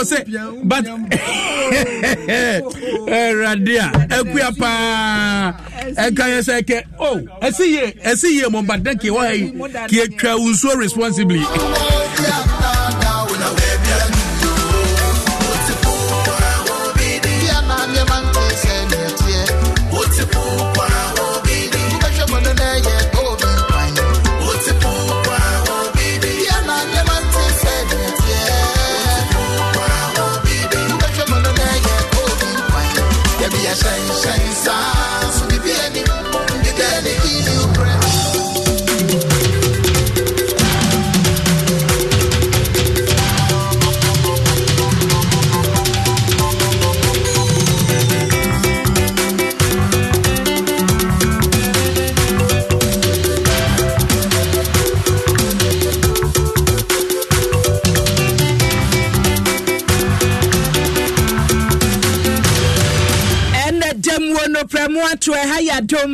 ɛwɔ sɛ but ɛwurade eh, a ɛkuya paa ɛka yɛ sɛ kɛ o oh, ɛsi yie ɛsi yie mɔ mba dɛ kii wɔ ha yi kii etwa nsuo responsibly. mu ato ɛha yɛ adom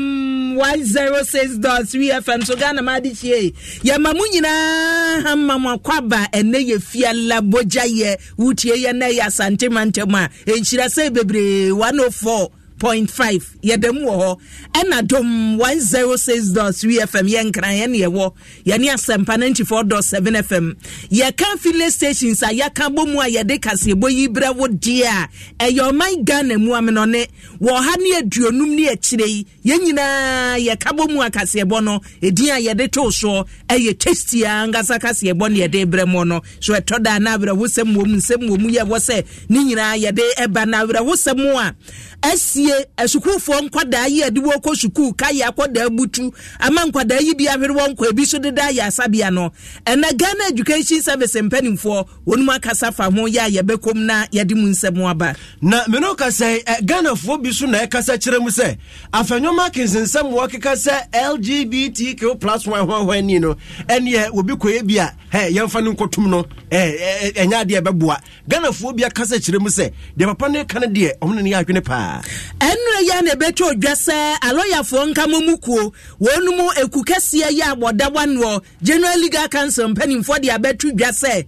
106.3 fm so ghana ma de hyie yɛma mu nyinaa ha ma mo akɔ aba ɛnɛ yɛ fia labogya yɛ wotie yɛ na yɛ asante mantam a ɛnhyira e sɛ bebree 104 point five yɛda mu wɔ hɔ ɛna dom one zero six dot three fm yɛ nkran yɛn yɛwɔ yɛne asɛmpa ninety four dot seven fm yɛka file stations a yɛka bɔ mu a yɛde kaseɛbɔ yi brɛ wo deɛ a ɛyɛ ɔman ghana mu aminɔne wɔ ha ne aduonum ne akyire yi yɛn nyinaa yɛka bɔ mu a kaseɛbɔ no edin a yɛde to soɔ ɛyɛ tasty a ankasa kaseɛbɔ ne yɛde brɛ mu no so ɛtɔ da na awerɛhosɛm wɔ mu nsɛm wɔ mu yɛ wɔ sɛ ne nyinaa yɛde ɛba na awerɛhosɛm a ɛsi yie asukuufoɔ nkwadaa yi a de wɔn kɔ sukuu kaayɛ akwadaa butu ama nkwadaa yi bi ahwere wɔn kɔ ebi so deda ayɛ asabea no ɛnna ghana education service mpanimfoɔ wɔn mu akasa fa ho yɛ a yɛbɛkɔm na yɛde mu nsɛm aba. na menu kasa yi eh, ɛ ghanafoɔ bi so na ɛkasa kyerɛ mu sɛ afɛnyɔma kensensɛm wɔ keka sɛ lgbtq plus one one one ni no ɛnneɛ obi kɔ yɛ bi a ɛ yɛnfa no nkotum no ɛ eh, ɛ eh, ɛnyɛ adeɛ ɛbɛboa ghanafoɔ bi akasa kyerɛ mu sɛ deɛ papa ne ka deɛ ɔmo ne ne yɛ ɛnura yi a na ɛbɛtwa odwa sɛ alɔyafoɔ nkama mu kuo wɔn mu eku kɛseɛ yi a wɔda wanoɔ general legal council mpanimfoɔ de abɛtu dwa sɛ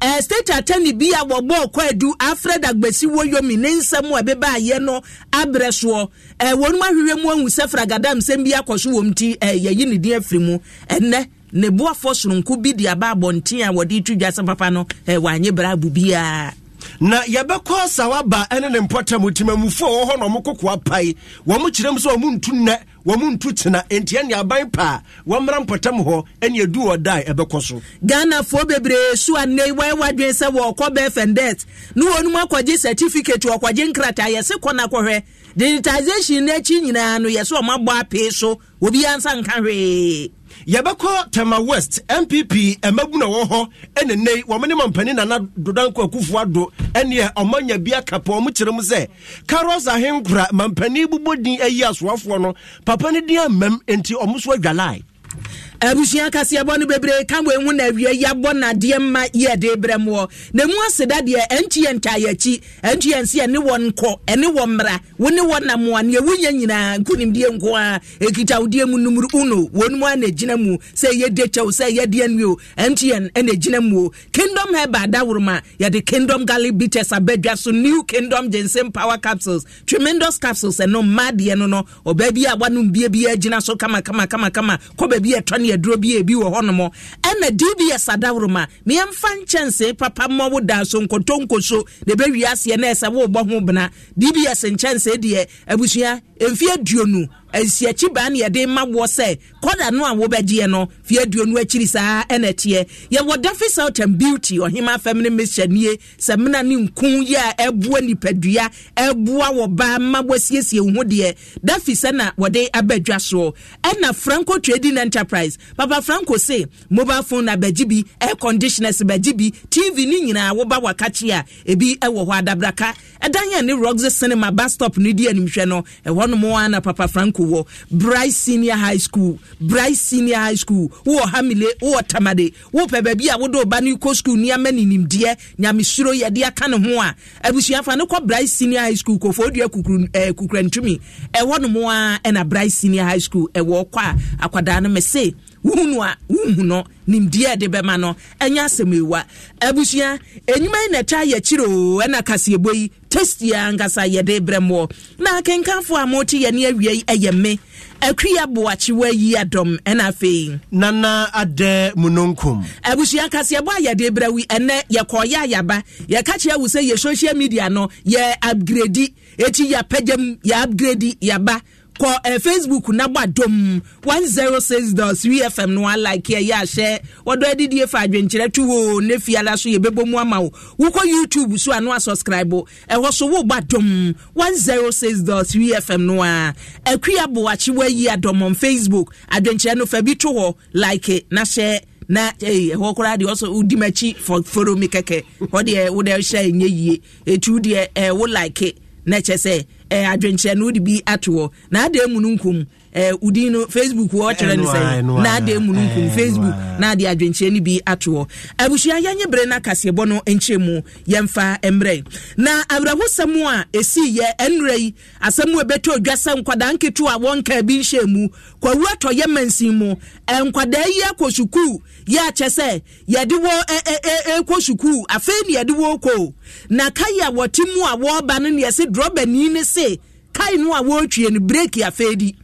ɛɛ e, state attorney bi a wɔbɔ ɔkɔ edu alfred agbesi woyomi ne nsɛm e, e, a ɛbɛba ayɛ no abrɛ soɔ ɛɛ wɔn mu ahwehwɛ mu ahu sɛ fragadam nsɛm bi akɔ so wɔn ti ɛɛ yɛyi ne din afiri mu ɛnɛ ne boafo soronko bi de aba abɔnten a wɔde tu dwa sɛ papa no ɛɛ wɔanye braabu biara. na yɛbɛkɔ asa waba ɛne ne mpɔtam timamufoɔ a wɔ hɔ na ɔmo kokoa pae wɔmo kyerɛ m sɛ ɔmo ntu nnɛ wɔmo ntu tena enti ɛne aban paa wɔmmra mpɔtam hɔ ɛne adu wɔ dae ɛbɛkɔ so ghanafoɔ bebree so anɛ nnɛ sɛ wɔɔkɔ bɛfendet ne wɔnom akɔgye certificate ɔkɔgye nkrataa yɛse kɔ no kɔhwɛ digitisation no akyi nyinaa no yɛsɛ ɔmabɔ apee so obiaa nsa nka hwee yɛbɛkɔ tema west mpp ɛmabu na wɔ hɔ ɛne nei ne ma mpani nana dodanko akufo ado ɛneɛ ɔmanya bi aka pa ɔmo kyerɛ m sɛ karos ahenkora mampani bobɔ din ayi asoafoɔ no papa no din amam enti ɔmo so adwalae abusua kaseɛ bɔ no bebree ka wɔ ehu na awia yi abɔ nadeɛ mma yɛ brɛ mu na mu aseda deɛ ɛnti yɛ ntaayɛ akyi ɛnti yɛ nsi ɛne wɔ nkɔ ɛne wɔ mmra wo ne wɔ namoa neɛ wonyɛ nyinaa nkonimdie nko a ɛkita wodeɛ mu numru uno wɔn mu a na mu sɛ ɛyɛ de kyɛw sɛ ɛyɛ deɛ nwi o ɛnti yɛ ɛna ɛgyina mu o kingdom hɛba adaworoma yɛde kingdom garlic bitters abɛdwa so new kingdom ginseng power capsules tremendous capsules ɛno mmaa deɛ no no ɔbaa bi a wanom aduro bi ebi wɔ hɔnom ɛna dbs adaworoma meɛmfa nkyɛnse papa ma wo da so nkoto nkoso na ɛbɛwie aseɛ na ɛsɛ worebɔ ho bena dbs nkyɛnse deɛ abusua mfe aduonu nsi akyi baa na yɛde ma woɔ sɛ kɔda no a wɔbɛgyeɛ no fie aduonu akyiri saa ɛna teɛ yɛwɔ dafi southern beauty ɔhema fam ne mehyɛnie sɛmena ne nku yi a ɛboa nipadua ɛboa wɔ baa ma wɔasiesie wo ho deɛ dafi sɛ na wɔde aba soɔ ɛna franco trading enterprise papa franco se mobile phone na bi air conditioners bagye bi tv ne nyinaa woba wakakye a ebi ɛwɔ hɔ adabraka ɛdan yɛ ne roxy cinema bus stop ne di animhwɛ no ɛhɔ no hɔnom ana papa franco wɔ bright senior high school bright senior high school wowɔ hamile wowɔ tamade wopɛ baabi a wode ba no kɔ school nneɛma ne nimdeɛ nyamesuro yɛde aka ne ho a abusuafa no kɔ bright senior high school kɔfoɔ dua eh, kukurantumi ɛhɔnom a ɛna bright senior high school ɛwɔ kɔ a akwadaa no mese wohunu a nimdeɛ de bɛma no ɛnyɛ asɛm ewa abusua enyima yi na ɛkyɛ ayɛ kyerɛ o ɛna kaseɛbɔ yi tasty ankasa yɛde brɛ mmoɔ na akenkanfoɔ a mote yɛ ne awia yi ɛyɛ me akuya boakyewa yi adɔm ɛna afei nana adɛ munonkom abusua kaseɛbɔ a yɛde brɛ wi ɛnɛ yɛkɔɔyɛ ayaba yɛka kyerɛ sɛ yɛ social media no yɛ upgrade ɛti yɛapɛgyam yɛ upgrade yɛba kɔ eh, facebook nabɔ adom 106.3 fm no alike ɛyɛ ahyɛ wɔdɔ adidie fa adwenkyerɛ to wo ne fiala so yɛbɛbɔ mu ama wo wokɔ youtube so a subscribe asubscribe ɛhɔ so wobɔ adom 106.3 fm no a akuabo akyewa yi adɔm on facebook adwenkyerɛ no fa bi to hɔ like na hyɛ na eh, ɛhɔ koraa deɛ ɔsɔ wodi m'akyi fɔforo mi kɛkɛ hɔ deɛ wode hyɛ ɛnyɛ yie ɛtu deɛ ɛwo eh, like na kyɛ sɛ Eh, adwenkyerɛ no wode bi atoɔ na ade mu no nkum eh, wodin no facebook wɔkyerɛ no sɛ na ade mu no nkum eh, facebook na ade adwenkyerɛ no bi atoɔ abusua yɛnyɛ berɛ no akaseɛbɔ no nkyerɛ mu yɛmfa mmerɛ na awerɛhosɛm a ɛsiiyɛ ɛnnerɛ yi asɛm a ɛbɛtɔ odwa sɛ nkwadaa nketewa a wɔnka bi nhyɛ mu kwawu atɔ yɛ mansin mu nkwadaa yi akɔ sukuu yɛ akyɛ sɛ yɛde wɔ ɛkɔ sukuu afei ne yɛde wɔ kɔ na kayi a wɔte mu a wɔreba no ne yɛse drɔbani ne se se kae no a wɔretwie no breki afeedi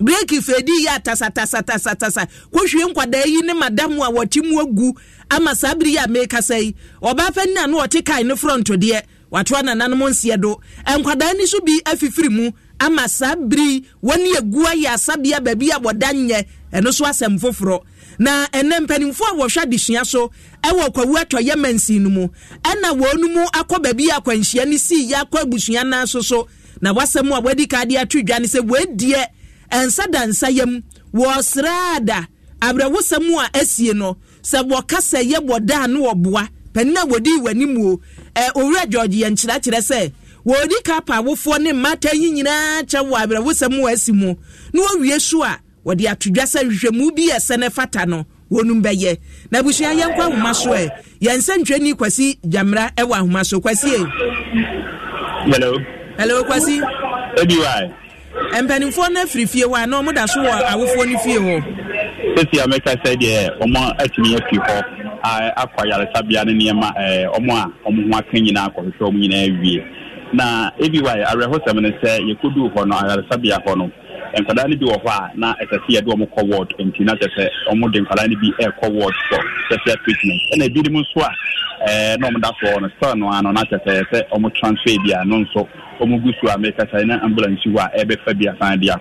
breki feedi yɛ atasatasatasa kɔhwie nkwadaa yi ne madam a wɔte mu agu ama saa bere yi a meekasa yi ɔbaa panin a no ɔte kai no front deɛ watoa nananom nseɛ do nkwadaa ni so bi afifiri mu ama saa bere wɔne agu ayɛ asabea baabi a wɔda nyɛ ɛno so asɛm foforɔ na ɛnɛ mpanimfoɔ a wɔhwɛ adesua so ɛwɔ kwawu atɔyɛ mansin no mu ɛna wɔn mu akɔ baabi akwanhyia no sii yɛ akɔ abusua nan so so na wasɛm a wadi ka adeɛ atwe dwa ne sɛ wɔadiɛ ɛnsa da nsa yam wɔsraa da abrɛwosɛm a asie no sɛ wɔkasa yɛ wɔdaa ne wɔboa panin a wɔdi w'anim o ɛ owura george yɛ nkyerɛkyerɛ sɛ wɔdi ka pa awofoɔ ne mmata yi nyinaa kyɛ wɔ abrɛwosɛm a asi mu na wɔwie so a wɔde ato dwa sɛ hwehwɛmu bi yɛ sɛ fata no wɔnum bɛyɛ na abusua yɛnkɔ ahoma so ɛ yɛn nsɛntwerɛni kwasi gyamra ɛwɔ ahoma so kwasie hello hello kwasi. ebi wa. mpanimfoɔ no afiri fie hɔ a na da so wɔ awofoɔ no fie hɔ. sisi a mɛka sɛ deɛ ɔmo atumi afi hɔ a akɔ ayaresabea ne nneɛma ɛɛ eh, ɔmo a ɔmo ho aka nyinaa akɔhwehwɛ ɔmo nyinaa awie. na ebi wa awerɛhosɛm no sɛ yɛkɔduu hɔ no ayaresabea hɔ no nkwadaa no bi wɔ hɔ a na ɛsɛ sɛ yɛde ɔmo kɔ nti na kyɛ sɛ nkwadaa no bi ɛɛkɔ ward fɔ special treatment ɛna ebinom a na ɔmo no sɛ no ano na transfer bi a no nso gu so a na ambulance hɔ a ɛbɛfa bi a no adeɛ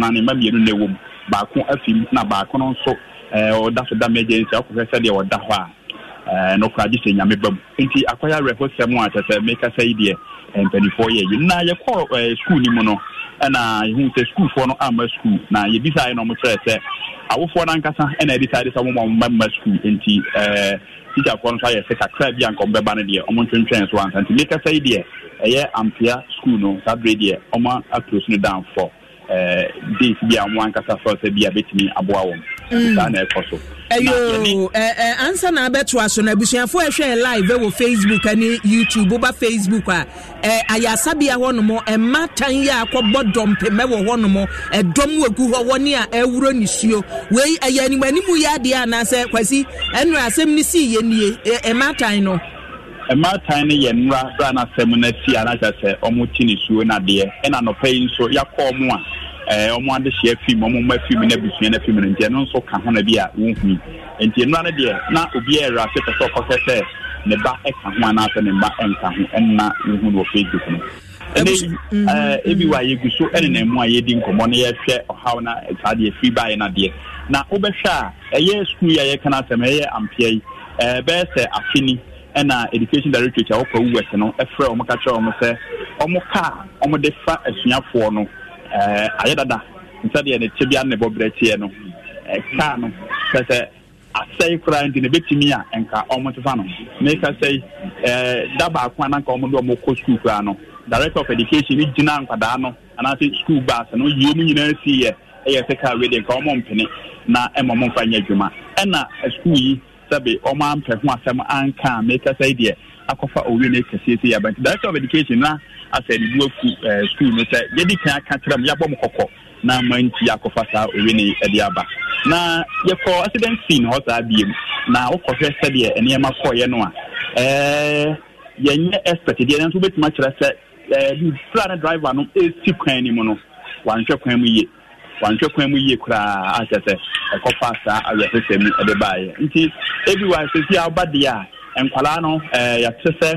no bi ɔda eh, so akwụkwọ mɛgye dị akɔhwɛ sɛdeɛ ɔda hɔ a eh, nokora adị sɛ nyame ba nti akɔyɛ awerɛhɔ sɛm a kyɛ sɛ mekasa yi deɛ eh, mpanimfoɔ yɛ yi na yɛkɔ skul no mu no ɛna yɛhu sɛ skuul no amma skul na yɛbisaeɛ no ɔmokyerɛ sɛ awofoɔ na ankasa ɛna ɛde saa de sɛ moma ɔmamma skul nti tikyafoɔ akwụkwọ so ayɛ sɛ kakra bi nke ɔmbɛba no deɛ ɔmo ntwentwɛn so ansa nti mekasa yi deɛ ɛyɛ ampea skul no saa berɛ deɛ ɔma akuro so no Eh, date bi nwa nkasa ankasa fọ sẹ bi a bẹtumi mm. eh, eh, na ansa aso na ɛhwɛ live ɛwɔ facebook ɛne youtube ụba facebook a ɛɛ hɔnom ɛma tan yi akɔbɔ dɔmpɛmɛ wɔ hɔnom ɛdɔm wɔ gu a nisuo ɛyɛ animanimu yɛ adeɛ anaasɛ kwasi asɛm nie mmaatan no yɛ nwura a n'asɛm no ati anakyɛ sɛ ɔmote ne no adeɛ ɛna nɔpɛ yi nso yɛakɔɔ mu a ɔmo adehyea fim ɔmo mma fim no abusua no fim no nti ɛno ka ho na bi a nti nwura no deɛ na obiaa ɛwura se pɛ sɛ ɔkɔhwɛ sɛ ne ba ɛka ho anaasɛ ne mba ɛnka ho ɛnna wohu no wɔ facebook no mm, mm, mm. ebi so ɛne na a na ɛna education directorate a wɔkɔ west no ɛfrɛ wɔn ka kyerɛ wɔn sɛ wɔn kaa wɔn de fa asuafoɔ no ɛɛ ayɛ dada nsɛdeɛ ne kyɛ bi ano ne bɔ brɛ teɛ no ɛɛ kaa no sɛsɛ asɛe koraa nti ne betumi a nka wɔn te fa no meka sɛe ɛɛ da baako a wɔn de wɔn kɔ sukuu koraa no director of education ne gyina nkwadaa no anaasɛ sukuu baas no yie mu nyinaa si yɛ ɛyɛ sɛ kaa wei deɛ nka wɔn mpene na ɛma wɔn mfa nyɛ adwuma ɛna sukuu yi sɛbe ɔmo ampɛ ho asɛm anka a mekasa yi deɛ akɔfa owie no kɛseɛ sɛ yɛaba nti director of education na asɛ ne du afu school no sɛ yɛdi kan aka kyerɛ m yɛabɔ mo kɔkɔ na manti akɔfa saa owie no ɛde aba na yɛkɔ accident scene hɔ saa biem na wokɔhwɛ sɛdeɛ nneɛma kɔɔyɛ no a yɛnyɛ expert deɛ nanso wobɛtumi akyerɛ sɛ bra no driver no ɛsi kwan no mu no wanhwɛ kwan mu yie wanhwɛ kwan mu yie koraa akyɛ sɛ ɛkɔfa saa awerɛhwɛsɛ mu ɛde baeɛ nti ebi wɔ asɛsi a woba deɛ a nkwadaa no yɛte sɛ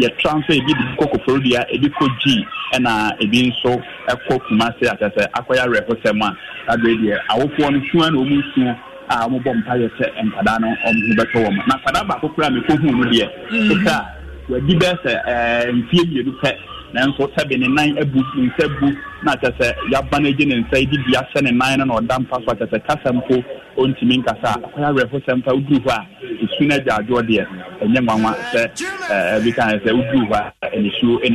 yɛtransfer ebi de kɔ koforodua ebi kɔ gyi ɛna ebi nso ɛkɔ kumase akyɛ sɛ akɔyɛ awerɛhwɛsɛm a adeɛ deɛ awofoɔ no sua na wɔn sua a wɔbɔ mpaeɛ sɛ nkwadaa no wɔn ho bɛtɔ wɔn na nkwadaa baako koraa mekɔ hu no deɛ mhm. kita wɔadi bɛ sɛ ɛɛ mfie mmienu pɛ nanso sɛbi ne nan abu ne nsa bu na kyɛ sɛ yaba no ne nsa bi ahyɛ ne nan na ɔda mpa so a kasa mpo ɔntumi nkasa a awerɛfo sɛ mpa woduru hɔ a esu no agya adwoɔ deɛ ɛnyɛ nwanwa sɛ ɛɛ eh, bi kan sɛ woduru hɔ a ɛna so eh,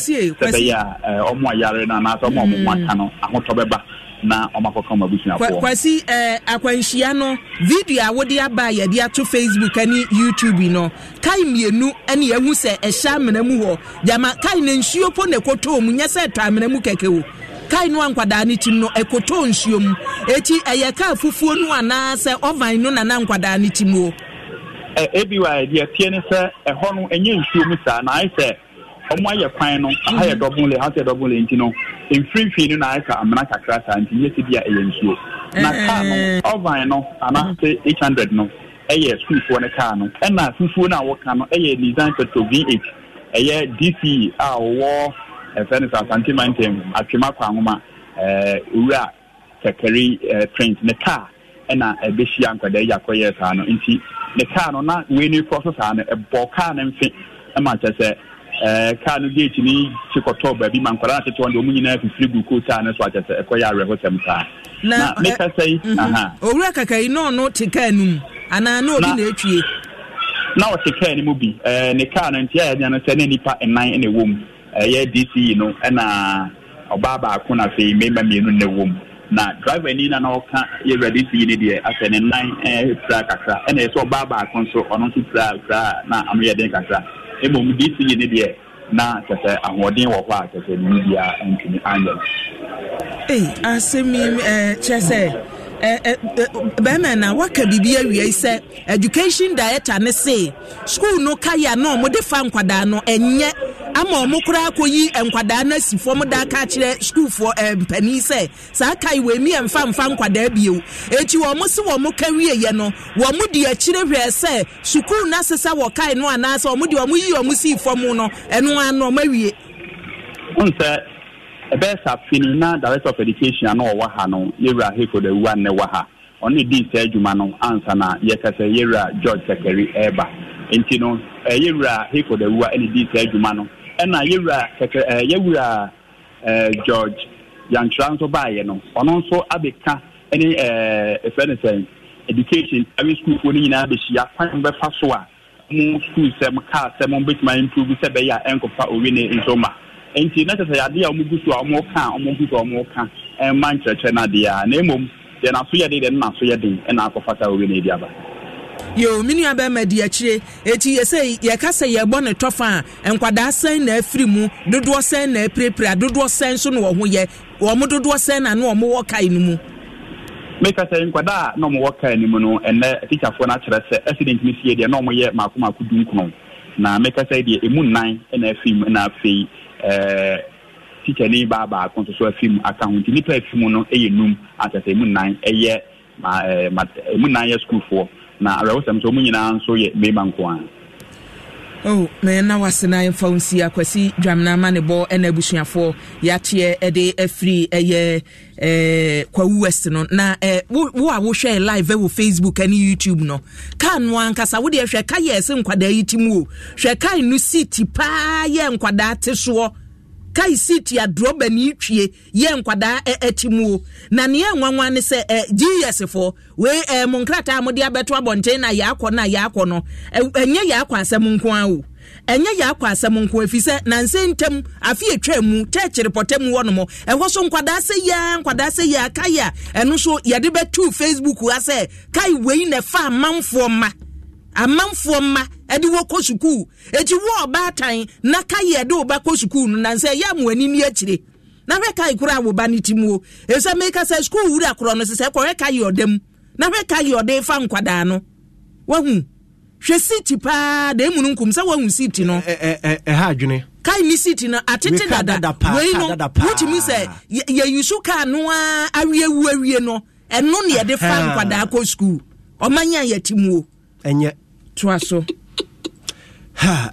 sɛ eh, a ɔmo ayare anaasɛ ɔmo ɔmo aka no ahotɔ bɛba na ɔmakɔka ɔma abusuafoɔ kwasi eh, akwanhyia no video a wode aba a yɛde ato facebook ne youtube no kai mmienu ne yɛhu sɛ ɛhyɛ amena mu hɔ gyama kae na nsuo po na ɛkɔtɔɔ mu nyɛ sɛ ɛtɔ amena mu kɛkɛ o kae no ankwadaa no tim no ɛkɔtɔɔ nsuo mu ɛti ɛyɛ kaa fufuo no anaasɛ ɔvan no nana nkwadaa no tim o ebi wa yɛdeɛ tie ne sɛ ɛhɔ no ɛnyɛ nsuo mu saa na ayɛ sɛ ɔmo ayɛ kwan no aha yɛ le aha yɛ dɔbɔnle nti no mfimfini no na ayɛ ka amena kakra saa nti yɛ si bi a ɛyɛ nsuo na eh. kaa no ɔvan no anaasɛ mhm. eight hundred no ɛyɛ sukuufoɔ no kaa no ɛna fufuo no a wɔka no ɛyɛ eh, nissan petro v8 ɛyɛ dc a wɔwɔ ɛfɛ no sɛ asante mountain atwema kɔ ahoma ɛɛ eh, owura kɛkɛre ɛɛ print ne kaa ɛna ɛbɛhyia nkwadaa yi akɔyɛ saa no nti ne kaa no na wei ni kɔ so saa no ɛbɔ kaa no mfe ɛma kyɛ sɛ Eh, kaa mhm. no gate ne kye kɔtɔ baabi ma nkwadaa tete wɔn deɛ wɔn nyinaa fifiri gu ne so akyɛ sɛ saa na meka sɛ yi owura kaka yi na ɔno te kaa no mu anaa na obi na etwie na ɔte kaa no mu bi ne kaa no nti a nnipa nnan na ɛwɔ mu ɛyɛ dce no baako na afei mmarima mmienu na ɛwɔ na driver ni na na dce no deɛ asɛ ne nan kakra ɛna ɔbaa baako nso ɔno nso na ano yɛ den mmom dc ne deɛ na kyɛ ahoɔden wɔ hɔ a kyɛ sɛ ne bia ntumi anyɛ. ee eh, Eh, eh, eh, bɛrima na waka biribi awie yi sɛ education director ne se school no kaya na wɔde fa nkwadaa no ɛnyɛ ama wɔn koraa akɔyi nkwadaa no asi fam da aka akyerɛ schoolfoɔ mpanin sɛ saa kae wɔ emi mfa mfa nkwadaa bio eti wɔn si wɔn kawie yɛ no wɔn di akyire hwɛ sɛ sukuu no asesa wɔ kae no anaasɛ wɔn de wɔn yi wɔn si fam no ɛno ano wɔn awie. n sɛ Ebe sa afei na director of education ano ɔwɔ ha no yɛwura hayford awuwa ne wɔ ha ɔno di nsa adwuma no ansa na yɛkasa yɛwura george sakari ɛreba nti no yɛwura hayford awuwa ne di nsa adwuma no ɛna yɛwura sakari yɛwura george yantura nso baayɛ no ɔno nso abɛka ne ɛfɛ ne sɛn education awie sukuufoɔ no nyinaa bɛhyia kwan bɛfa so a mo sukuul sɛm kaa sɛm bɛtumi improve sɛ bɛyɛ a ɛnkɔfa owi ne nso nti na kyerɛ sɛ a ɔmogu so a ɔmoka a ɔmogu so a ɔmoka ɛma nkyerɛkyerɛ no adeɛ na mmom deɛ naso yɛ den deɛ no naso yɛ den ɛna akɔfata wowie ɛdi aba yo di akyire yɛka sɛ yɛbɔ ne tɔfa a nkwadaa sɛn na efiri mu dodoɔ sɛn na apirapira dodoɔ nso na yɛ wɔn na wɔn wɔ kae no nkwadaa a na kae no mu no na na meka sɛ deɛ na Eh, tikyani baa baako nso so afi mu aka ho nti nnipa afi mu no yɛ num ansɛsɛ emu nnan yɛ eh, eh, ɛmu nnan yɛ sukuufoɔ na awerɛwosɛm nso ɔmu nyinaa nso yɛ mmarima nko ara oh na na wase na yɛmfa wo nsi akwasi dwamena ma ne bɔ ɛna abusuafoɔ yɛateɛ de afiri ɛyɛ eh, kwawu west no na eh, wo, wo a wohwɛ live wɔ facebook ne youtube no kaa no ankasa wodeɛ hwɛ ka yɛ ɛsɛ nkwadaa yi ti mu o hwɛ kae no seat paa yɛ nkwadaa ti soɔ kae seat adurɔ bani twie yɛ nkwadaa ɛti mu na neɛ nwanwa ne sɛ ɛ gs fo wei ɛ mo nkrataa mo de abɛto abɔnten na yɛakɔ na yɛakɔ no ɛnyɛ yɛakɔ asɛm nko ara o ɛnyɛ yɛ akɔ asɛm nko efi sɛ nanse ntɛm afi etwa mu kyɛkyere pɔtɛ mu wɔnom ɛhɔ so nkwadaa sɛ yia nkwadaa sɛ yia kai a ɛno so yɛde bɛtu facebook asɛ kai wei na ɛfa amanfoɔ ma amanfoɔ mma ɛde wɔkɔ sukuu eti wɔ ɔbaatan na kayi ɛde ɔba kɔ sukuu no nansɛ yɛ amu ani ni akyire na hwɛ kayi koro a ɔba ne ti mu o esɛ meka sɛ sukuu wura korɔ no sisɛ kɔhwɛ kayi ɔdam na hwɛ kayi ɔde fa nkwadaa no wahu hwɛ siiti paa da emu no nkum sɛ wahu siiti no. ɛ ɛ ɛha adwene. kayi ni siiti no atete dada wei no wotumi sɛ yɛyusu kaa no a awie wu awie no ɛno ne yɛde fa nkwadaa kɔ sukuu ɔman yɛn yɛ ti mu o. ɛnyɛ toa so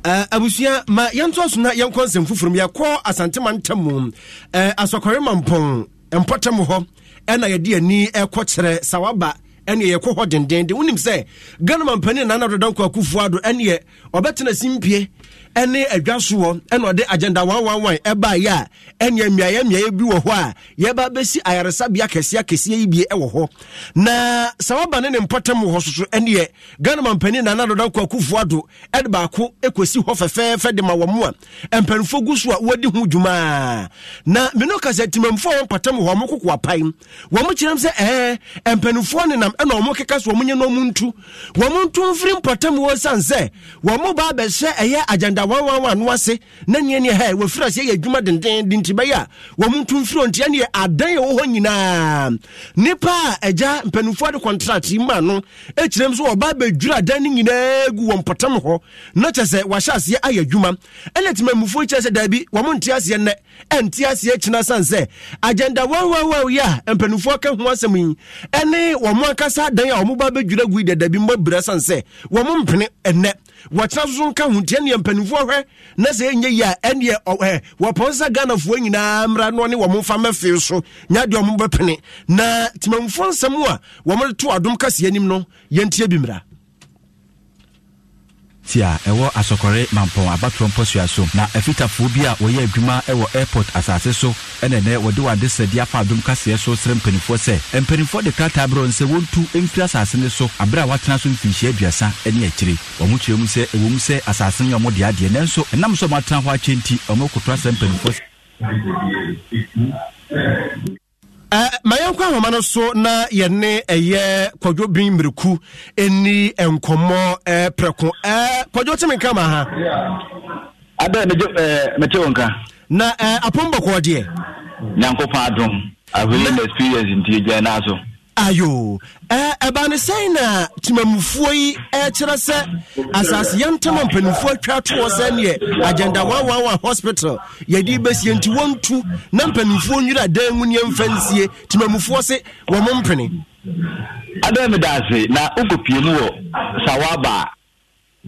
eh, abusua ma yɛntoa so na yɛnkɔ nsɛm foforɔ mu yɛkɔ asantema ntam mu eh, asɔkɔre ma mpɔn mpɔtam hɔ ɛna eh, yɛde ani ɛkɔ kyerɛ sawaba ɛne yɛkɔ hɔ dendenden wonim sɛ ghana ma mpani nana dodɔnkɔ akufoɔ ado ɛneɛ ɔbɛtena simpie ɛne adwa soɔ ɛna ɔde agenda one one one ɛbaayɛ a ɛne mmeayɛ mmeayɛ bi wɔ hɔ a yɛba bɛsi ayaresabea kɛseɛ kɛseɛ yi bie ɛwɔ hɔ na sɛ waba ne ne mpɔtam wɔ hɔ soso ɛneɛ ghana mampanin nana dɔda nkɔ akufoɔ ado ɛde baako ɛkɔsi hɔ fɛfɛɛfɛ de ma wɔ mo a mpanimfoɔ gu so a wɔdi ho dwumaa na mene kasa timamfoɔ a wɔmpatam hɔ ɔmo koko apan wɔn kyerɛm sɛ ɛɛ mpanimfoɔ nenam ɛna ɔmo keka so ɔmo nyɛ na ɔmo ntu wɔn ntu mfiri mpɔtam wɔ san sɛ wɔn ba abɛhyɛ eh, ɛyɛ agenda chapter one one one no ase na nea ne ha wɔfiri aseɛ yɛ adwuma denden de nti bɛyɛ a wɔn ntu mfiri ntia ne yɛ adan a ɛwɔ nyinaa nipa a agya mpanimfoɔ de contract yi ma no akyerɛ m so ɔba abɛdwira adan no nyinaa gu wɔn pɔtam hɔ na kyerɛ sɛ wahyɛ aseɛ ayɛ adwuma ɛna temamufoɔ kyerɛ sɛ daabi wɔn nte aseɛ nnɛ ɛnte aseɛ kyena san sɛ agenda one one one yɛ a mpanimfoɔ ka ho asɛm yi ɛne wɔn ankasa adan a wɔn ba abɛdwira gu yi dadabi mbɔ bira san sɛ wɔn mpene ɛnnɛ wɔkyerɛ soso nka ho ntia ne yɛ ghanafoɔ hwɛ na sɛ ɛnyɛ yi a ɛneɛ wɔpɔn sɛ ghanafoɔ nyinaa mmra noɔ ne wɔmo mfa mɛfee so nyadeɛ ɔmo bɛpene na timamfoɔ nsɛm a wɔmde to adom kaseɛ anim no yɛntie bi mmara ti a ɛwɔ asɔkɔre mampɔn abatɔ mpɔsua so na afitafoɔ bi a wɔyɛ adwuma ɛwɔ airport asase so ɛna nɛ wɔde wade sɛde afa adom kaseɛ so srɛ mpanimfoɔ sɛ mpanimfoɔ de krataa berɛ sɛ wɔntu mfiri asase no so aberɛ a wɔatena so mfirinhyia aduasa ne akyire wɔn kyerɛ mu sɛ ɛwɔ mu sɛ asase no yɛ ɔmo deɛ adeɛ nanso ɛnam sɛ ɔmo atena hɔ akyɛ nti ɔmo koto asɛ mpanimfoɔ ma yɛnkɔ ahoma no so na yɛne ɛyɛ kwadwo bin mmereku ɛni nkɔmmɔ prɛko kwadwo teme nka ma ha adɛ mɛkyɛ wɔ nka na apɔmbɔkɔɔ deɛ nyankopɔn adom avele experience nti ɛgyaa naa so ayo ɛba ne sɛn na timamufoɔ yi ɛkyerɛ sɛ asase yɛntama mpanimfoɔ atwa toɔ sɛ neɛ agenda 111 hospital yɛde bɛsie nti wɔntu na mpanimfoɔ nwira dan mu neɛmfa nsie timamufoɔ se wɔ mo mpene adɛn meda na wokɔpie mu wɔ sawaba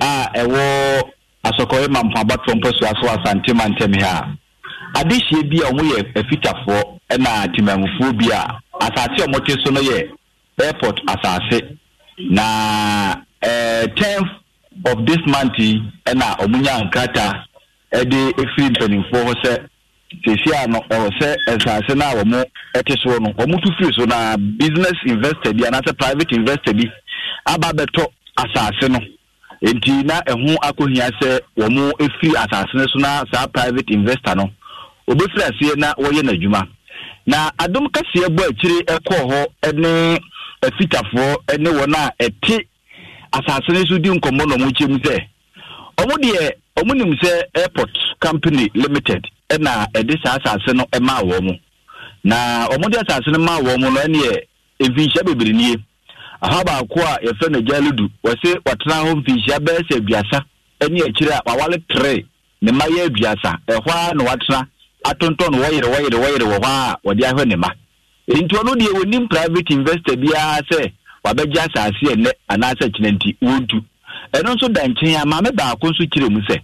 a ɛwɔ asɔkɔyɛ ma mpɔabatɔ mpɔ so aso asante mantam ha a adehyeɛ bi a ɔmo yɛ afitafoɔ na temanmufoɔ bi a asase a wɔte so no yɛ airport asase na tenth of this month na ɔmonya nkrata de firi mpanimfoɔ hɔ sɛ seesie a no ɛwɔ sɛ asase no a wɔn te soɔ no wɔn firi so na business investor bi anaasɛ private investor bi aba abɛtɔ asase no nti na ɛho akɔhia sɛ wɔn efiri asase no so na saa private investor no obɛfiri aseɛ na wɔyɛ n'adwuma. na adom kaseɛ bɔ akyiri ɛkɔɔ hɔ ne afitafoɔ ne wɔn a ɛte asase no so di nkɔmmɔ na ɔmo kyɛm sɛ ɔmo deɛ ɔmo nim sɛ airport company limited ɛna ɛde saa asase no maa wɔn mo na ɔmo de asase no maa wɔn mo no ɛneɛ mfinhyia bebree nie aha baako a yɛfrɛ no gyaludu wɔse wɔtena hɔ mfinhyia bɛyɛ sɛ aduasa ɛne akyiri a wawale tere ne mma yɛ aduasa ɛhɔ ara na watena atontɔn no wɔyere wɔyere wɔyere wɔ hɔ a wɔde ahwɛ ne ma nti ɔno deɛ wɔnim private investor biara sɛ wabɛgye asase ɛnɛ anaasɛ kyerɛ nti wɔntu ɛno nso da nkyɛn a maame baako nso kyerɛ mu sɛ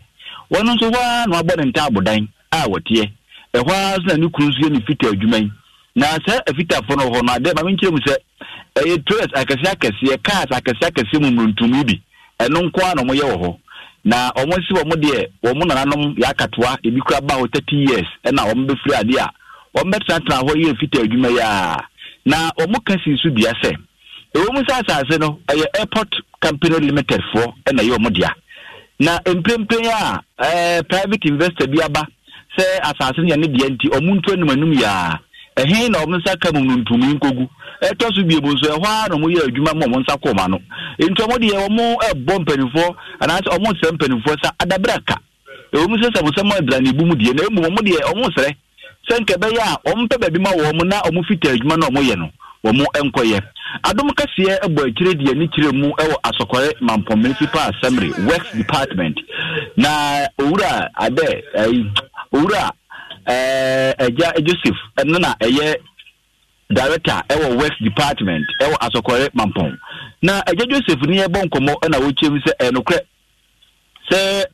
wɔn nso hɔ a na wabɔ ne ntaabodan a wɔteɛ ɛhɔ a nso na ne kunu nso yɛ ne fita adwuma yi na sɛ afitafoɔ no hɔ no adeɛ maame nkyerɛ mu sɛ ɛyɛ trailers akɛseɛ akɛseɛ cars akɛseɛ akɛseɛ mu nnuntum bi ɛno nko a na wɔyɛ wɔ hɔ na ọmụ nsi ọmụ deɛ ọmụ nananom yɛ akatoa ebi kura ba hɔ thirty years ɛna wɔn bɛfiri adeɛ a wɔn bɛtenatena hɔ yɛ fitaa adwuma yi a na wɔn ka si nso bia sɛ ɛwɔ mu sɛ asase no ɛyɛ airport company limited foɔ ɛna yɛ wɔn dea na mprempren a ɛɛ private investor bi aba sɛ asase no yɛ ne deɛ nti wɔn ntu anum anum yɛ a ɛhen na wɔn nsa ka mu ntumi nkogu ɛtɔ so biebu nso ɛhɔ a na ɔmo adwuma ma ɔmo nsa kɔ ɔmo ano nti ɔmo deɛ ɔmo ɛbɔ mpanimfoɔ anaasɛ ɔmo nsɛm mpanimfoɔ sa adabere aka ɛwɔ mu sɛ ne na emu ɔmo deɛ ɔmo nsrɛ sɛ nka ɛbɛyɛ a ɔmo pɛ baabi ma wɔ na ɔmo fita adwuma na ɔmo yɛ no adom kɛseɛ akyire deɛ ne kyerɛ mu asɔkɔre mampɔ municipal assembly works department na owura adɛ owura ɛɛ ɛgya director ɛwɔ eh, west department ɛwɔ eh, asɔkɔrɛ mampɔn na agya eh, joseph ni ɛbɔ nkɔmmɔ ɛna wɔkyerɛ mu sɛ ɛnokorɛ sɛ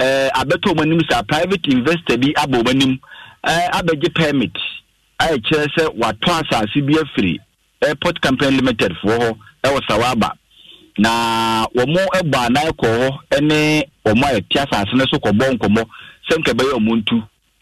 ɛɛ abɛtɔ wɔn anim sɛ private investor bi abɔ wɔn anim ɛɛ abɛgye permit a ɛkyerɛ sɛ watɔ asaase bi afiri airport company limited foɔ hɔ ɛwɔ sawaba na wɔn ɛbɔ anan kɔɔ hɔ ɛne wɔn a yɛte asase no so kɔbɔ nkɔmmɔ sɛ nkɛbɛyɛ wɔn ntu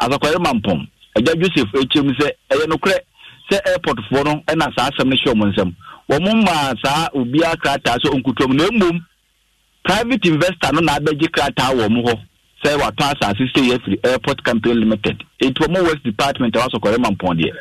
asakware ma mpɔm agya joseph ekyim sɛ ɛyɛ nokorɛ sɛ airport foɔ no ɛna saa asɛm no hyɛ wɔn nsam wɔn maa saa obiara krataa sɛ nkutuom na mmom private investor no na abɛgye krataa wɔ mo hɔ sɛ watɔ asase sɛ yɛ firi airport company limited etu wɔn west department a wasɔkɔrɛ ma mpɔn deɛ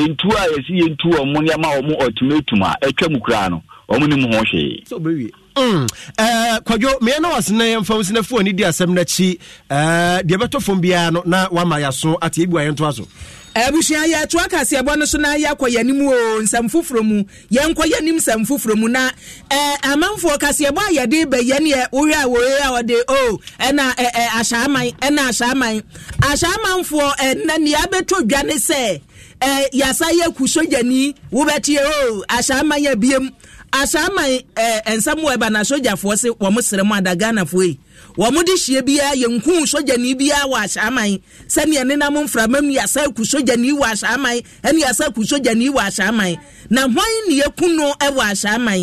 ntu a yɛsi yɛ ntu wɔn nneɛma a wɔn ultimatum a ɛtwa mu kura no wɔn nim ho hwee. sọ bɛ wie. Mm. Eh, kwadwo mmea na wase na yɛmfa wo sinafo ani di asɛm no akyi deɛ ɛbɛtɔ fam biara no na woama yɛaso ate ɛbi wa yɛntoa so abusua eh, yɛ atoa kaseɛbɔ no so na yɛakɔ yɛanim o nsɛm foforɔ mu yɛnkɔ yɛanim nsɛm foforɔ mu na eh, amanfoɔ kaseɛbɔ a yɛde bɛyɛ neɛ wohwɛ a wɔyɛ a wɔde o oh, ɛna ahyaaman ɛna ahyaaman ahyaamanfoɔ ɛna nea abɛtɔ dwa ne sɛ eh, yasa yɛ ku sogyani wobɛtie o oh, ahyɛama yɛ biem ahyɛama eh, nsɛm wɔ ɛba na sogyafoɔ se wɔn serɛ mu ada ghanafoɔ yi wɔn de hyia biara yɛnku sogyani biara wɔ ahyɛama sɛnea nenam mframa mu yasa ku sogyani wɔ ahyɛama ɛne yasa ku sogyani wɔ ahyɛama na hwan ne yɛku no wɔ ahyɛama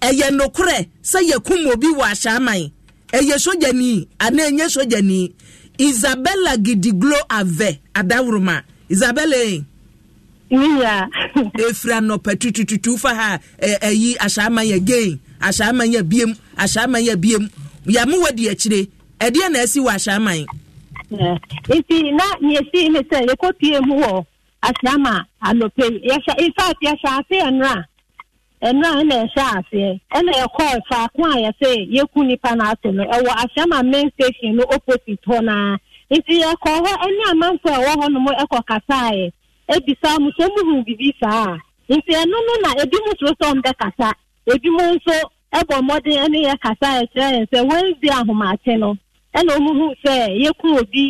ɛyɛ nokorɛ sɛ yɛkum obi wɔ ahyɛama ɛyɛ sogyani anaa ɛnyɛ sogyani isabella gidiglo ave adaworoma isabella yi. Eh? ɛfiri anɔpa tutututu fa ha ayi ahyɛama yɛ gain ahyɛama ya biem ahyɛama ya biem yɛmo wɔ di na asi wɔ ahyɛama nti na yɛsi ne sɛ yɛkɔpie mu wɔ ahyɛama alope yi yɛhyɛ infact yɛhyɛ a ɛnora a na yɛhyɛ faako a yɛsɛ nipa atụ ọ wọ main station opposite naa nti ebisa m sɛ muhu biribi saa nti ɛno no na ebi mu soro sɛ kasa ebi mu nso ɛbɔ mmɔden ne yɛ kasa ɛkyerɛ yɛn sɛ wɔnzi ahomakye no ɛna ɔmuhu sɛ yɛku obi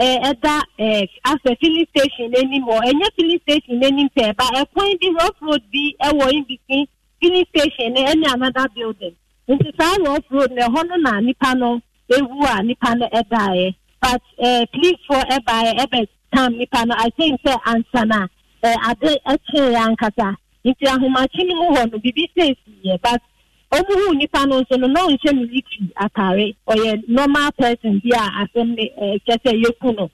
ɛda e, ɛɛ e, asɛ filling station n'anim ọ ɛnyɛ filling station n'anim pɛ ba ɛkwan bi rough road bi ɛwɔ e, in between filling station ne ɛne another building nti saa rough road na ɛhɔ no na nipa no ewu a nipa no ɛdaeɛ but ɛɛ police fo ɛbaeɛ ɛbɛ tam nipa no i think sɛ ansa na ɛ eh, ade ɛkyerɛ ya ankasa nti ahomakye no mu hɔ no biribi sɛ esiyɛ but ɔmo hu nipa no nso no na ɔnhyɛ military atare ɔyɛ normal person bi a asɛm ne eh, ɛ kyɛ sɛ yɛku no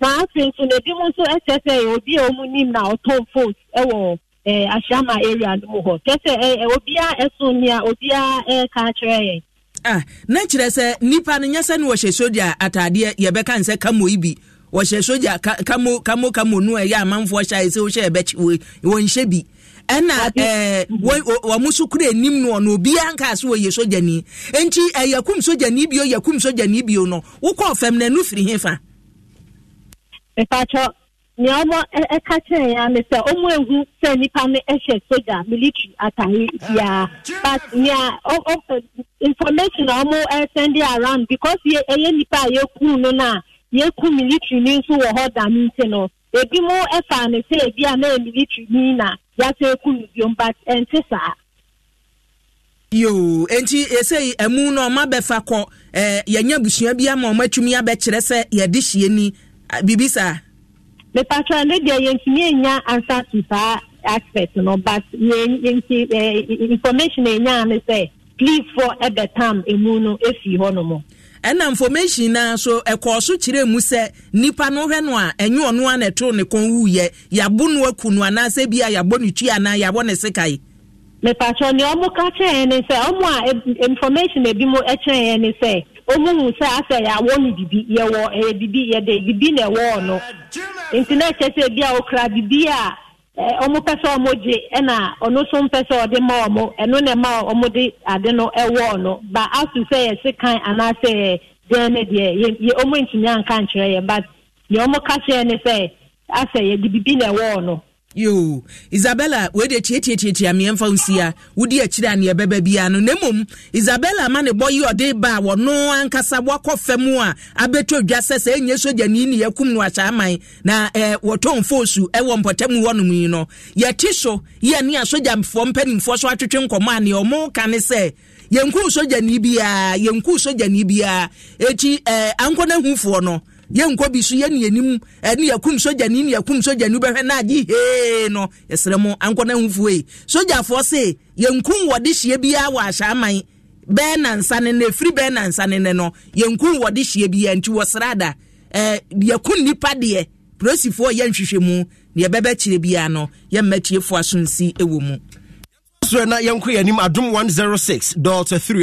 na nso na ebi eh, nso ɛkyɛ sɛ obi a ɔmo nim na ɔtɔn vote ɛwɔ ɛ ahyama area no mu hɔ kyɛ sɛ obiara ɛso nea obiara ɛka kyerɛ yɛ. ah na sɛ nipa no nyɛ sɛ wɔhyɛ yɛbɛka nsɛ bi wɔhyɛ sogya kamo kamo kamo nu ɛyɛ amanfoɔ hyɛ ayɛ sɛ wɔhyɛ ɛbɛkyi wɔnhyɛ bi ɛna ɛɛ wɔn nso kura anim no ɔno obiara nka ase wɔyɛ ni nti ɛyɛ eh, kum sogyani bio yɛ kum sogyani bio no wokɔ fam na ɛnu firi hefa. mpatsɔ e nea ɔmɔ e ɛka kyerɛ yɛn ano sɛ ɔmɔ ehu sɛ nipa no ɛhyɛ e sogya military atare eh, biara but nea information a ɔmɔ ɛsɛn de around because ɛyɛ nipa a yɛ kum no na yɛku military ni nso wɔ hɔ da ne nti no ebi mo ɛfa ne sɛ ebi a na yɛ ni na yɛasɛ eku no biom but ɛnte saa. yoo enti esei emu na ɔma bɛfa kɔ ɛɛ eh, yɛnyɛ busua bi ama ɔma atwumi abɛkyerɛ sɛ yɛde hyia ni bibi saa. mepatro ne deɛ yɛntumi enya ansa to saa aspect no but yɛn yɛnti ɛɛ eh, information yɛnya e ne sɛ please for ɛbɛtam emu no efi hɔ nom. ɛna information na nso ɛkɔɔ so kyerɛ mu sɛ nipa no hwɛ no a ɛnyɛ ɔno a na ɛto ne kɔn wuyɛ yabɔ no aku no anaasɛ bi a yabɔ ne tui anaa yabɔ ne sekae mepatɔ nea ɔmo ka kyerɛ ne sɛ ɔmo a information ebi mo kyerɛ ne sɛ ɔmo hu sɛ asɛ yɛawɔ no bibi yɛwɔ ɛyɛ bibi yɛde bibi na ɛwɔ no nti na ɛkyɛ sɛ ebi a okura bibi a ọmụ pẹ sọ ọmụ gye ɛna ɔno nso mpɛ sɛ ɔde ma ɔmụ ɛno na ɛma ɔmụ de ade no ɛwɔ ɔno ba asụsụ sɛ yɛ se kan anaasɛ yɛ dɛn ne deɛ ọmụ ntụnye ntumi anka nkyerɛ yɛ but deɛ ɔmụ ka kyerɛ ne sɛ asɛ yɛ bibi na ɛwɔ ɔno. yo isabella wei de tiatiatiatia mmeɛmfa wo si a wodi akyire a neɛ bɛba biara no na mmom isabella ma ne bɔ yi ɔde ba a wɔno ankasa wakɔ fa mu a abɛtɔ dwa sɛ sɛ ɛnyɛ sogyani ne yɛkum no ahyɛ aman na eh, wɔtɔn foosu ɛwɔ mpɔtamu hɔnom yi no yɛte so yɛ ne a sogyafoɔ mpanimfoɔ so atwetwe nkɔmmɔ a neɛ ɔmo ka ne sɛ yɛnku sogyani biara yɛnku sogyani biara ɛti eh, ankɔ no ahufoɔ no yɛnkɔ bi so yɛne yɛnim ɛne yɛkum sogyani ne yɛkum sogyani bɛhwɛ no agye hee no yɛserɛ mu ankɔ no ahufue sogyafoɔ se yɛnkum wɔde hyeɛ biara wɔ ahyɛ bɛɛ nansa ne no ɛfiri bɛɛ nansa ne no no yɛnkum wɔde hyeɛ biara nti wɔsrɛ ada eh, yɛkum nnipa deɛ polisifoɔ yɛnhwehwɛ mu ne yɛbɛbɛkyerɛ biara no yɛmma tiefoɔ wɔ mu so na yɛnkɔ yɛ anim adom 106 3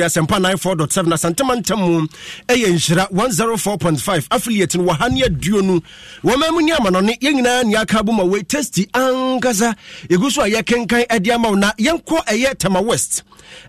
asɛmpa 94.7 asantema ntam mu ɛyɛ nhyira 104.5 affiliate no wɔha ne aduo no wɔma mu ne amanɔne yɛn nyinaa ne aka bo ma wei testi ankasa ɛgu so a yɛkenkan ɛde ama wo na yɛnkɔ ɛyɛ tama west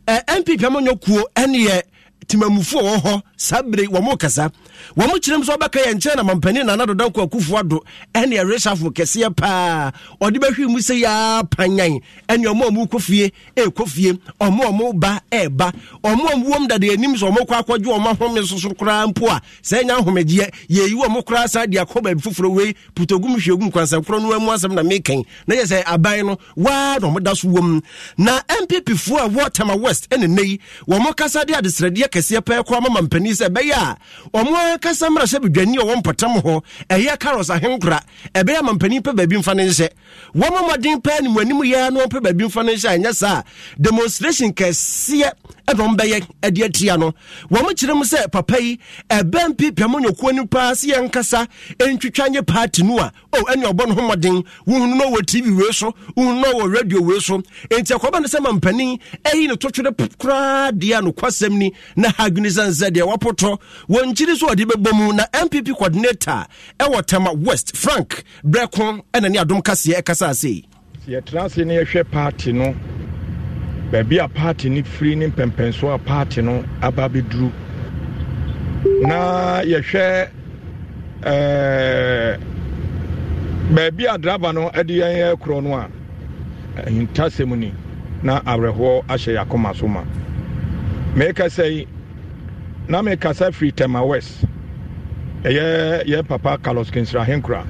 uh, mpp amanyɔ kuo ɛneɛ timamufoɔ wɔ hɔ saa bere wɔ mo kasa wɔ mo kyerɛm so wabɛka yɛ nkyɛn na mampanin nana dɔda kɔ akufo ado ɛne ɛresafo kɛseɛ paa ɔde bɛhwe mu sɛ yaa panyan ɛne ɔmo ɔmo kɔ fie ɛɛkɔ fie ɔmo ɔmo ba ɛɛba ɔmo ɔmo wɔm dada anim sɛ ɔmo kɔ akɔgye ɔmo ahome soso koraa mpo a sɛ ɛnya ahomegyeɛ yɛyi ɔmo koraa saa de akɔ baabi foforɔ wei putogum hwiegum kwansankorɔ no amu asɛm na meken na yɛ sɛ aban no waa na ɔmo da so wɔm na mpp foɔ a wɔtama west ɛne nɛ yi wɔmo de adesrɛdeɛ akɛseɛ pɛɛ kora mama mpanin sɛ ɛbɛyɛ a ɔmo ankasa mmara sɛ bedwani a ɔwɔ mpɔtam hɔ ɛyɛ karos ahenkora ɛbɛyɛ ama mpanin pɛ baabi mfa ne nhyɛ wɔn mmɔden pɛɛ ne mu anim yɛ no pɛ baabi mfa ne nhyɛ ɛnyɛ saa demonstration kɛseɛ ɛna ɔmbɛyɛ ɛde atia no wɔn kyerɛ mu sɛ papa yi ɛbɛn pp mo nyɔkuo ni paa si yɛn nkasa ntwitwa nye paati no a o ɛna ɔbɔ ne ho mmɔden wohunu no wɔ tv wei so wohunu no wɔ radio wei so nti akɔba ne sɛ ma mpanin ɛyi ne to koraa deɛ a nokwasɛm ni na na ha adwene sɛne sɛ deɛ wɔpotɔ wɔnkyiri so ɔde bɛbɔ mu na mpp coordinator ɛwɔ tema west frank brɛko ɛna ne adom kaseɛ ɛkasa sei yɛtena ase ne yɛhwɛ paati no baabi a paati no firi ne mpɛmpɛnso a paati no aba bɛduru na yɛhwɛ ɛɛ baabi a draba no de yɛn korɔ no a ahintasɛm ni na awerɛhoɔ ahyɛ yɛ akoma so ma meeka sɛ na mekasa firi tema west ɛyɛ yɛ papa carlos kinsra henkura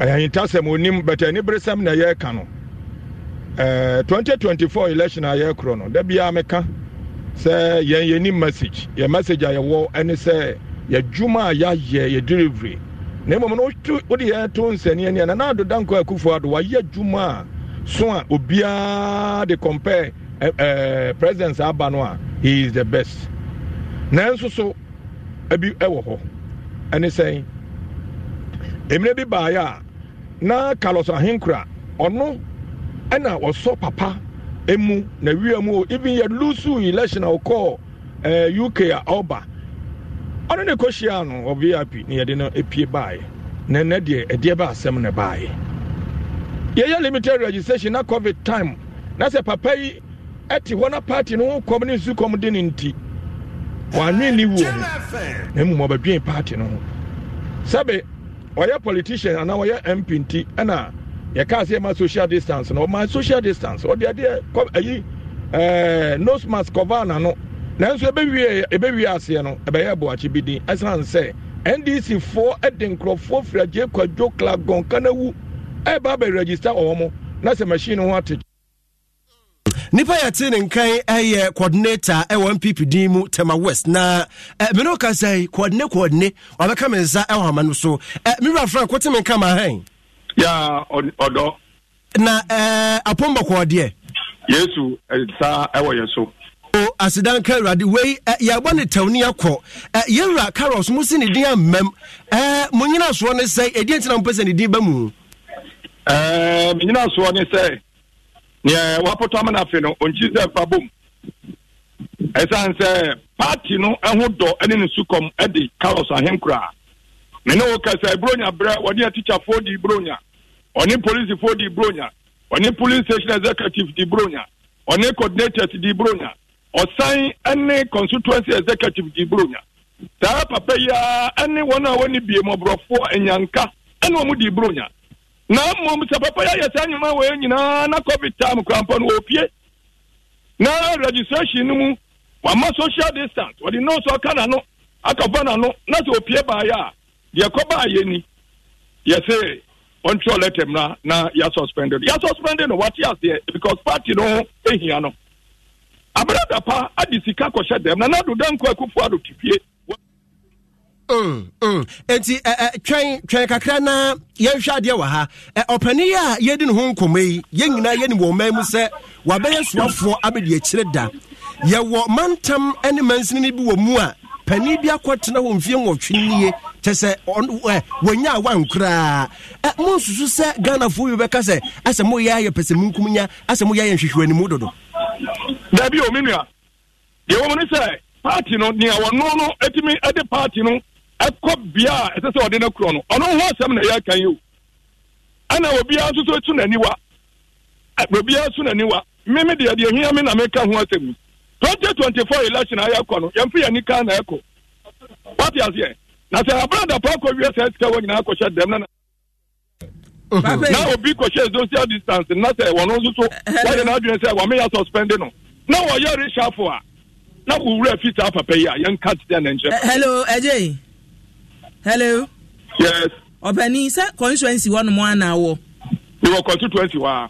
ɛyɛ ahintasɛm onim but ani beresɛm na yɛreka no ɛɛ 2024 election a yɛrekorɔ no da biara meka sɛ yɛn ni message yɛ message a yɛwɔ ɛne sɛ yɛdwuma a yɛayɛ yɛ delivery na mmom no wode yɛn to nsɛneɛ ne nana adoda nkɔ akufo ado wayɛ adwuma a so a obiara de compare ɛɛ president aba no a he is the best nanso so ebi wɔ hɔ ɛne sɛn mmerɛ bi baeɛ a na carlos ahenkura ɔno ɛna wɔsɔ papa emu na wia mu o even yɛ lusu election a ɔkɔɔ ɛɛ eh, uk a ɔba ɔno ne kɔhyia no wɔ vip ne yɛde no epie baeɛ na ɛnɛ deɛ ɛdeɛ bɛ asɛm na baeɛ yɛyɛ limited registration na covid time na sɛ papa yi ɛte hɔ na party no ho kɔm ne nsu kɔm de ne nti. wanwene wo na mmom ɔbɛdwen party no ho sɛbe ɔyɛ politician anaa ɔyɛ mp nti ɛna yɛka sɛ yɛma social distance No, ɔma social distance ɔde adeɛ ayi ɛɛ eh, nose mask kɔvaa n'ano nanso ebɛwie ebɛwie aseɛ no ɛbɛyɛ ɛboakye bi din ɛsan sɛ ndc foɔ ɛde nkurɔfoɔ fira gye kwadwo klagɔn kanawu ɛɛba e abɛ register wɔn mo na sɛ machine ho ate nipa yɛte ne nkan ɛyɛ coordinator ɛwɔ npp din mu tema west na ɛ mene woka sɛ coordine coordine ɔbɛka me nsa ɛwɔ hama no so ɛ mewura frank wote me nka hɛn ya ɔdɔ na ɛ apombɔkɔɔ deɛ yesu nsa ɛwɔ yɛ so o asedanka awurade wei yɛabɔ ne tɛw ne akɔ yɛwura caros mo si ne din ammam mo nyina soɔ ne sɛ ɛdeɛ nti na mopɛ sɛ ne din ba mu menyina soɔ ne sɛ yɛ wapoto ama n'afe no onkyi sɛ fa bom ɛsan sɛ paati no ɛho dɔ ɛne ne sukɔm ɛde carlos ahenkura mɛ ne wo kasa bronya brɛ wɔne atikyafoɔ di bronya ɔne polisifoɔ di bronya ɔne police station executive di bronya ɔne coordinators di bronya ɔsan ɛne constituency executive di bronya saa papa yi a ɛne wɔn a wɔne biemɔborɔfoɔ anyanka ɛne wɔn di bronya na mmom sɛ papa yɛ ayɛ saa nnwuma wɔ nyinaa na covid time korampɔ no wɔpie na registration no mu wama social distance wɔde nurse ɔka n'ano akɔfa n'ano na sɛ opie baayɛ a deɛ kɔbaayɛ ni yɛsɛ ɔntwerɛ letter mmra na yɛasuspended yɛasuspended no wɔte aseɛ because party no ho ehia no abrada pa ade sika kɔhyɛ dɛm na n'adoda nkɔ akufo ado tipie Mm, mm. nti eh, eh, twɛn twɛn kakra na yɛnhwɛ adeɛ wɔ ha eh, ɔpanin yi a yɛdi ne ho nkɔmɔ yi yɛn nyinaa yɛnim wɔn man mu sɛ wabɛyɛ soafoɔ abɛdi akyire da yɛwɔ mantam ne mansini bi wɔ mu a panin bi akɔtena hɔ mfie nwɔtwe nie kyɛ sɛ wɔn nyɛ wɔnya a ɛ mo nsusu sɛ ghana ghanafoɔ bi bɛka sɛ asɛ moyɛ ayɛ pɛ mu nkum nya asɛ moyɛ ayɛ nhwehwɛ animu dodo daabi o me nua deɛ wɔ m sɛ paati no nea wɔno no atumi de paati no ɛkɔ bia a ɛsɛ sɛ ɔde no korɔ no ɔno ho asɛm na ɛyɛ aka yi o ɛna obiara nso so n'aniwa obiara so n'aniwa mmemme deɛ deɛ hia me na meka ho asɛm yi 2024 election ayɛ ya no nika na ɛkɔ wate aseɛ na sɛ wie sɛ sika wɔ nyinaa kɔhyɛ dɛm na na na obi kɔhyɛ social distance na sɛ wɔn nso so n'adwene sɛ yɛ na wɔyɛ a papa yi a yɛnka sɛ hello hello. yes. ọ̀pẹ̀ni sẹ́ constituency hɔ nom ana awɔ. ìwọ constituency hɔ a.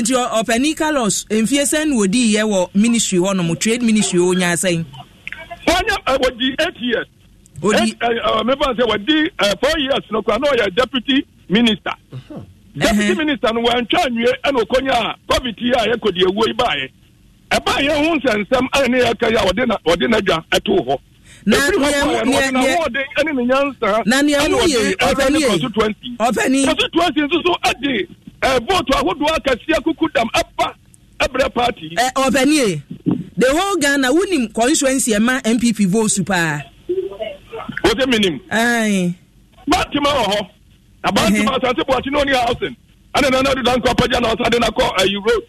nti ọ̀pẹ̀ni carlos mfie sẹ́ni wòdi yẹ wɔ ministry hɔ nom trade ministry hɔ nyɛ asɛn. wọ́n di eight years. o di ẹ ẹ eh, eh, mẹ́fà sẹ́ wò di eh, four years nìkan náà yẹ deputy minister. Uh-huh. deputy uh-huh. minister no wọ́n ntwa nwie ẹna okonya a covid yi a yẹ kò di ewu yi báyẹ. ẹ̀bá yẹn hún sẹ̀nsẹ̀m ẹ̀ ní yẹ kẹ́yà ọ̀dínà ọ̀dínà dwa ẹ̀tọ́ hɔ na nea ɛmu yɛ ɔpɛni yɛ ɔpɛni. constituency nso so ɛde vote ahodoɔ akɛseɛ kuku dam ɛba ɛbrɛ party. ɛ ɔpɛni yɛ the whole ghana wunim constituency ɛma npp votes paa. o se mi nim. bantima wɔ hɔ na bantima asante buwati n'oni housing ɛna nana do dan kɔ apagya na ɔsan de na kɔ ayi road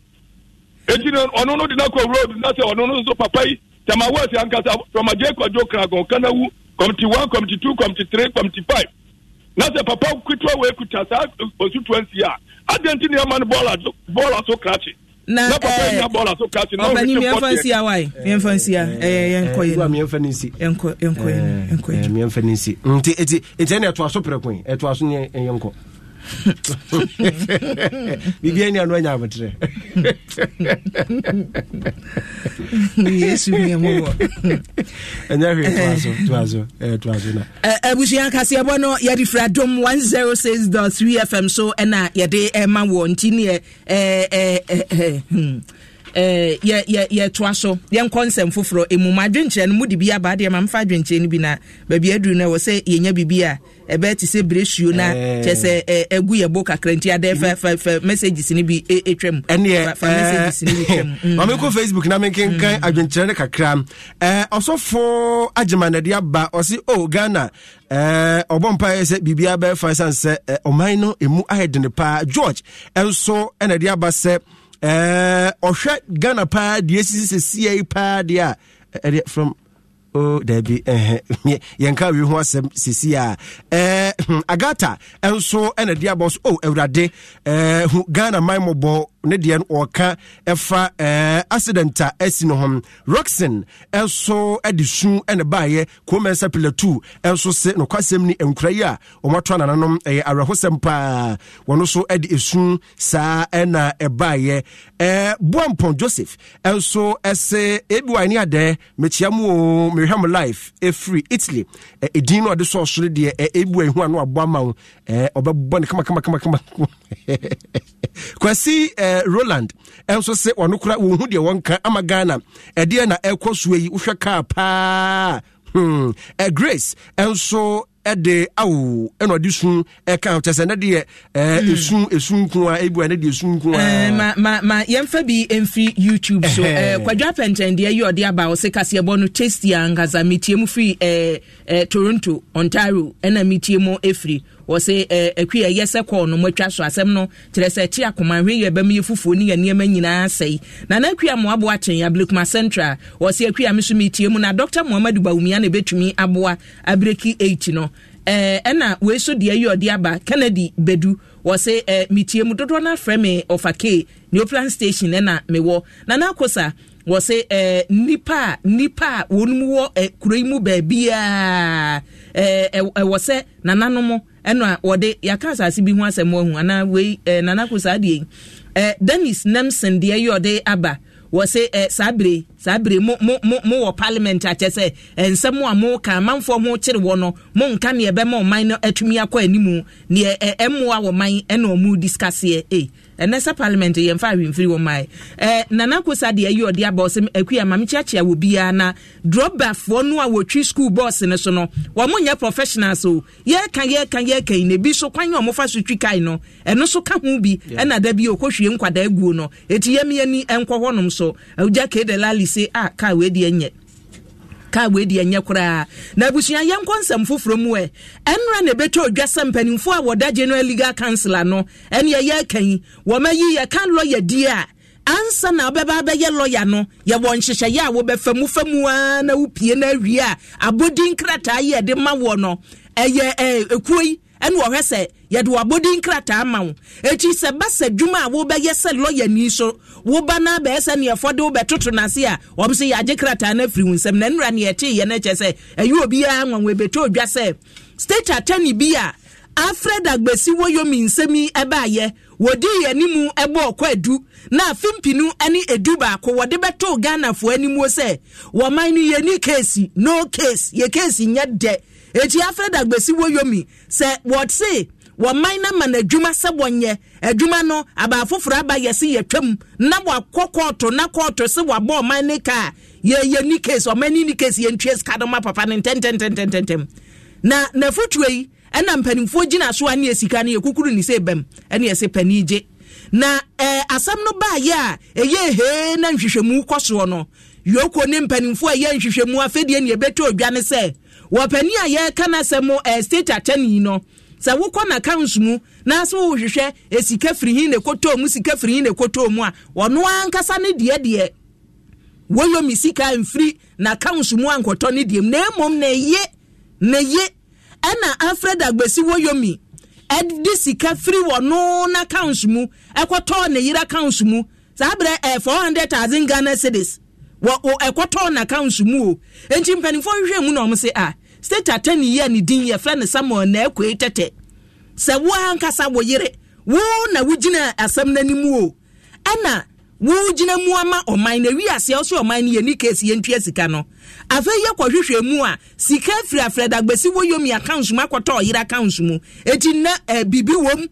eti ɔno no de na kɔ road na sɛ ɔno no nso papa yi tẹ̀mà west ankasa from ajayikwa jo kanawu committee one committee two committee three committee five na sɛ papa kutuwa wee kuta saa constituency a adan ti ni ɛma ni bɔɔla so bɔɔla so krakye na papa yi eh, nya bɔɔla so krakye na ɔbɛni miɛnfa nsi awa yi miɛnfa nsi a ɛyɛ yɛn kɔ yɛn miɛnfa ni nsi ɛnkɔ ɛnkɔ yɛn eh, ɛnkɔ yɛn eh, miɛnfa ni nsi nti eti eti ɛna ɛtoa so pɛrɛ kun yi ɛtoa so ni ɛyɛ biribia ni ano anya ameterɛ yesu miamwɔ ɛnyɛ hwee abusua nkaseɛbɔ no yɛde fira dom 106.3 fm so ɛna yɛde ɛma wɔ nti neɛ Eh, yɛtoa so yɛnkɔ nsɛm foforɔ ɛmu ma adwenkyerɛ no mu de bi aba deɛ ma mfa adwenkyerɛ no bi na baabi aduru no ɛwɔ sɛ yɛnya biribi a ɛbɛɛ te sɛ bere suo no eh. kyɛ sɛ ɛgu eh, yɛ bo kakra nti adɛ fɛfɛfɛ messages no bi ɛtwa e, e, mu mm. facebook na menkenkan mm. adwenkyerɛ no kakra ɔsɔfo agyemanade aba ɔse o oh, ghana ɔbɔ mpaeɛ sɛ biribiaa bɛɛfa siane sɛ ɔman no ɛmu ayɛ dene paa george ɛnso ɛnade aba sɛ ɔhwɛ eh, ghana paa deɛ sisi sɛsia yi paa deɛ a eh, ɛdeɛ from oh dabi eh, yɛnka wei ho asɛm sisi a hmm, agata nso ɛna de abɔ so oh awurade hu ghana man mɔbɔ ne deɛ ɔka ɛfa ɛɛ eh, accident a ɛsi no ho roxin ɛnso ɛde su ɛna baayɛ kɔmɛnsa pillar two ɛnso se nokwasɛm ni nkura yi a wɔn ato anananom ɛyɛ awerɛhosɛm paa wɔn nso ɛde esu saa ɛna ɛbaayɛ ɛɛ eh, buampɔn joseph ɛnso ɛsɛ ebi wa ani adɛ mɛkyia mu o mɛhwɛ life efiri italy ɛɛ eh, edin no ɔde sɔ ɔsoro deɛ ɛɛ ebi wa ehu ano aboa ma wo ɛɛ ɔbɛbɔ ne kama kama kama kama kwasi ɛɛ roland ɛnso sɛ ɔno kora wɔhu deɛ wɔnka ama ghana ɛdeɛ na ɛkɔ soɔ yi wohwɛ kaa paa hmm. uh, grace ɛnso ɛde awo ɛna ɔde sun ɛka kyɛ sɛ ne deɛ ɛɛ esun esun kun a ne deɛ esun kun ɛɛ eh, ma ma ma yɛnfɛ bi nfiri youtube so ɛɛ eh, kwadwa pɛntɛn deɛ yi ɔde aba ɔsɛ kaseɛbɔ no tasty ankasa mi tie mu firi ɛɛ eh, ɛɛ toronto ontario ɛna mi tie mu efiri wɔse akwi ɛyɛ sɛ kɔɔ no matwa so asɛm no kyerɛ sɛ ɛkye akomanhwe yɛ bɛm yɛ fufuo ne yɛ nneɛma nyinaa sɛe na na akwi a mmoaboa kyɛn abirekuma central wɔse akwi a me so metie mu na dr mohamad bawumia na ɛbɛtumi aboa abereki 8 no ɛna wei so deɛ yi ɔde aba kennedy bedu wɔse eh, metie mu dodoɔ no afrɛ me ɔfa k neoplan station ɛna mewɔ na na akosa wɔse eh, nipa a nipa a wɔnom wɔ eh, kuro yi mu baabiaa ɛwɔ eh, eh, eh, sɛ nananom ɛna wɔde yɛaka asase bi ho asɛm wɔ ho anaa wei eh, nanako saa deɛ eh, dennis nemson deɛ yi ɔde aba wɔse eh, saa bere saa bere mo mo mo mo wɔ parliament akyɛ sɛ eh, nsɛm a mo ka amanfoɔ ho kyere wɔ no mo nka neɛ bɛma ɔman no atumi akɔ animu neɛ eh, ɛmmoa wɔ man ɛna ɔmo diskaseɛ eh. ɛnɛ sɛ parliament yɛmfa awemfiri wɔ mae eh, Nana sa deɛ ɛyɛ ɔde aba ɔsɛ akua ma mekyeakyeɛ wɔ ya na drɔbafoɔ no a wɔtwi school bɔs no so no wɔmonyɛ professionals o yɛka yɛka yɛka yi na bi so kwan oh, a ɔmofa so twi kae no ɛno so ka ho bi ɛna da bi ɔkɔhwie nkwadaa guo no ɛti yɛmiani ɛnkɔ hɔnom so agya kedelali se a ah, ka wei nyɛ kaa wei deɛ nyɛ koraa na abusua yɛnkɔ nsɛm foforɔ mu ɛ ɛnora na ɛbɛtwa odwa sɛ mpanimfoɔ a wɔda general legal councilor no ɛne ɛyɛ aka yi wɔmayi yɛka lɔya die a ansa na wobɛba bɛyɛ lɔya no yɛwɔ nhyehyɛeɛ a wobɛfa mu fa mu aa na wopie no awie a abɔdin krataa yɛ de ma wɔ no ɛyɛ ekuo yi ɛne wɔhwɛ sɛ yɛde wabɔdi nkrataa ma wo ɛkyi sɛ bɛsɛ dwuma a wobɛyɛ sɛ lɔyani so woba no abɛɛ sɛ neɛfɔ de wobɛtoto no ase a ɔm so yɛagye krataa no afiri wo nsɛm na nnura neɛteeɛ no kyɛ sɛ ɛyɛ obiaa nwanwa ɛbɛtɔ odwa sɛ state attorney bi a alfred agbesi woyomi nsɛm yi ɛbaayɛ wɔdii anim ɛbɔ ɔkɔ edu na fimpinu ɛne edu baako wɔde bɛtoo ghanafoɔ anim wo sɛ wɔman no yɛ keesi no case yɛ keesi nyɛ dɛ eti alfred agbesi woyomi sɛ wɔte wɔman na ama no adwuma sɛ wɔnyɛ adwuma no abaa foforɔ aba yɛ se na wakɔ kɔɔto na kɔɔto se wabɔ ɔman ne ka a yɛyɛ ni case ɔman ne ni case yɛntua sika no ma papa no ntɛntɛntɛntɛntɛm na n'afotuo yi ɛna mpanimfoɔ gyina so a ne sika no yɛkukuru ne sɛ bɛm ɛne yɛsɛ pani gye na ɛɛ asɛm no baayɛ a ɛyɛ hee na nhwehwɛmu kɔ soɔ no yoko ne mpanimfoɔ a ɛyɛ nhwehwɛmu afɛdeɛ ne yɛbɛtɔ odwa ne sɛ wɔpani a yɛreka no ɛɛ state attorney no sɛ wokɔ na accounts mu na so wohwehwɛ esika eh, firi hin na ekotɔ mu sika firi hin na ekotɔ mu a ɔno ankasa ne deɛ deɛ wɔyɔ sika mfiri na accounts mu ankɔtɔ ne deɛ mu na emom na eye na eye ɛna alfred agbesi wɔyɔ mi ɛde sika firi wɔno na accounts mu ɛkɔtɔ ne yere accounts mu saa abirɛ ɛɛ eh, four hundred thousand ghana cedis wɔ ɛkɔtɔ na accounts mu o nti mpanimfoɔ hwehwɛ mu na wɔn se a. Ah, state attorney yi a ne din yɛfrɛ no samuel na akue tɛtɛ sɛ wo ankasa wo yere wo na wogyina asɛm no anim o ɛna wogyina mu ama ɔman na wiase ɔso ɔman no yɛni kesi yɛntua sika no afei yɛkɔhwehwɛ mu a sika afiri afrɛdagbesi wɔ yomi accounts mu akɔtɔ ɔyere accounts mu eti na ɛɛ bibi Wom,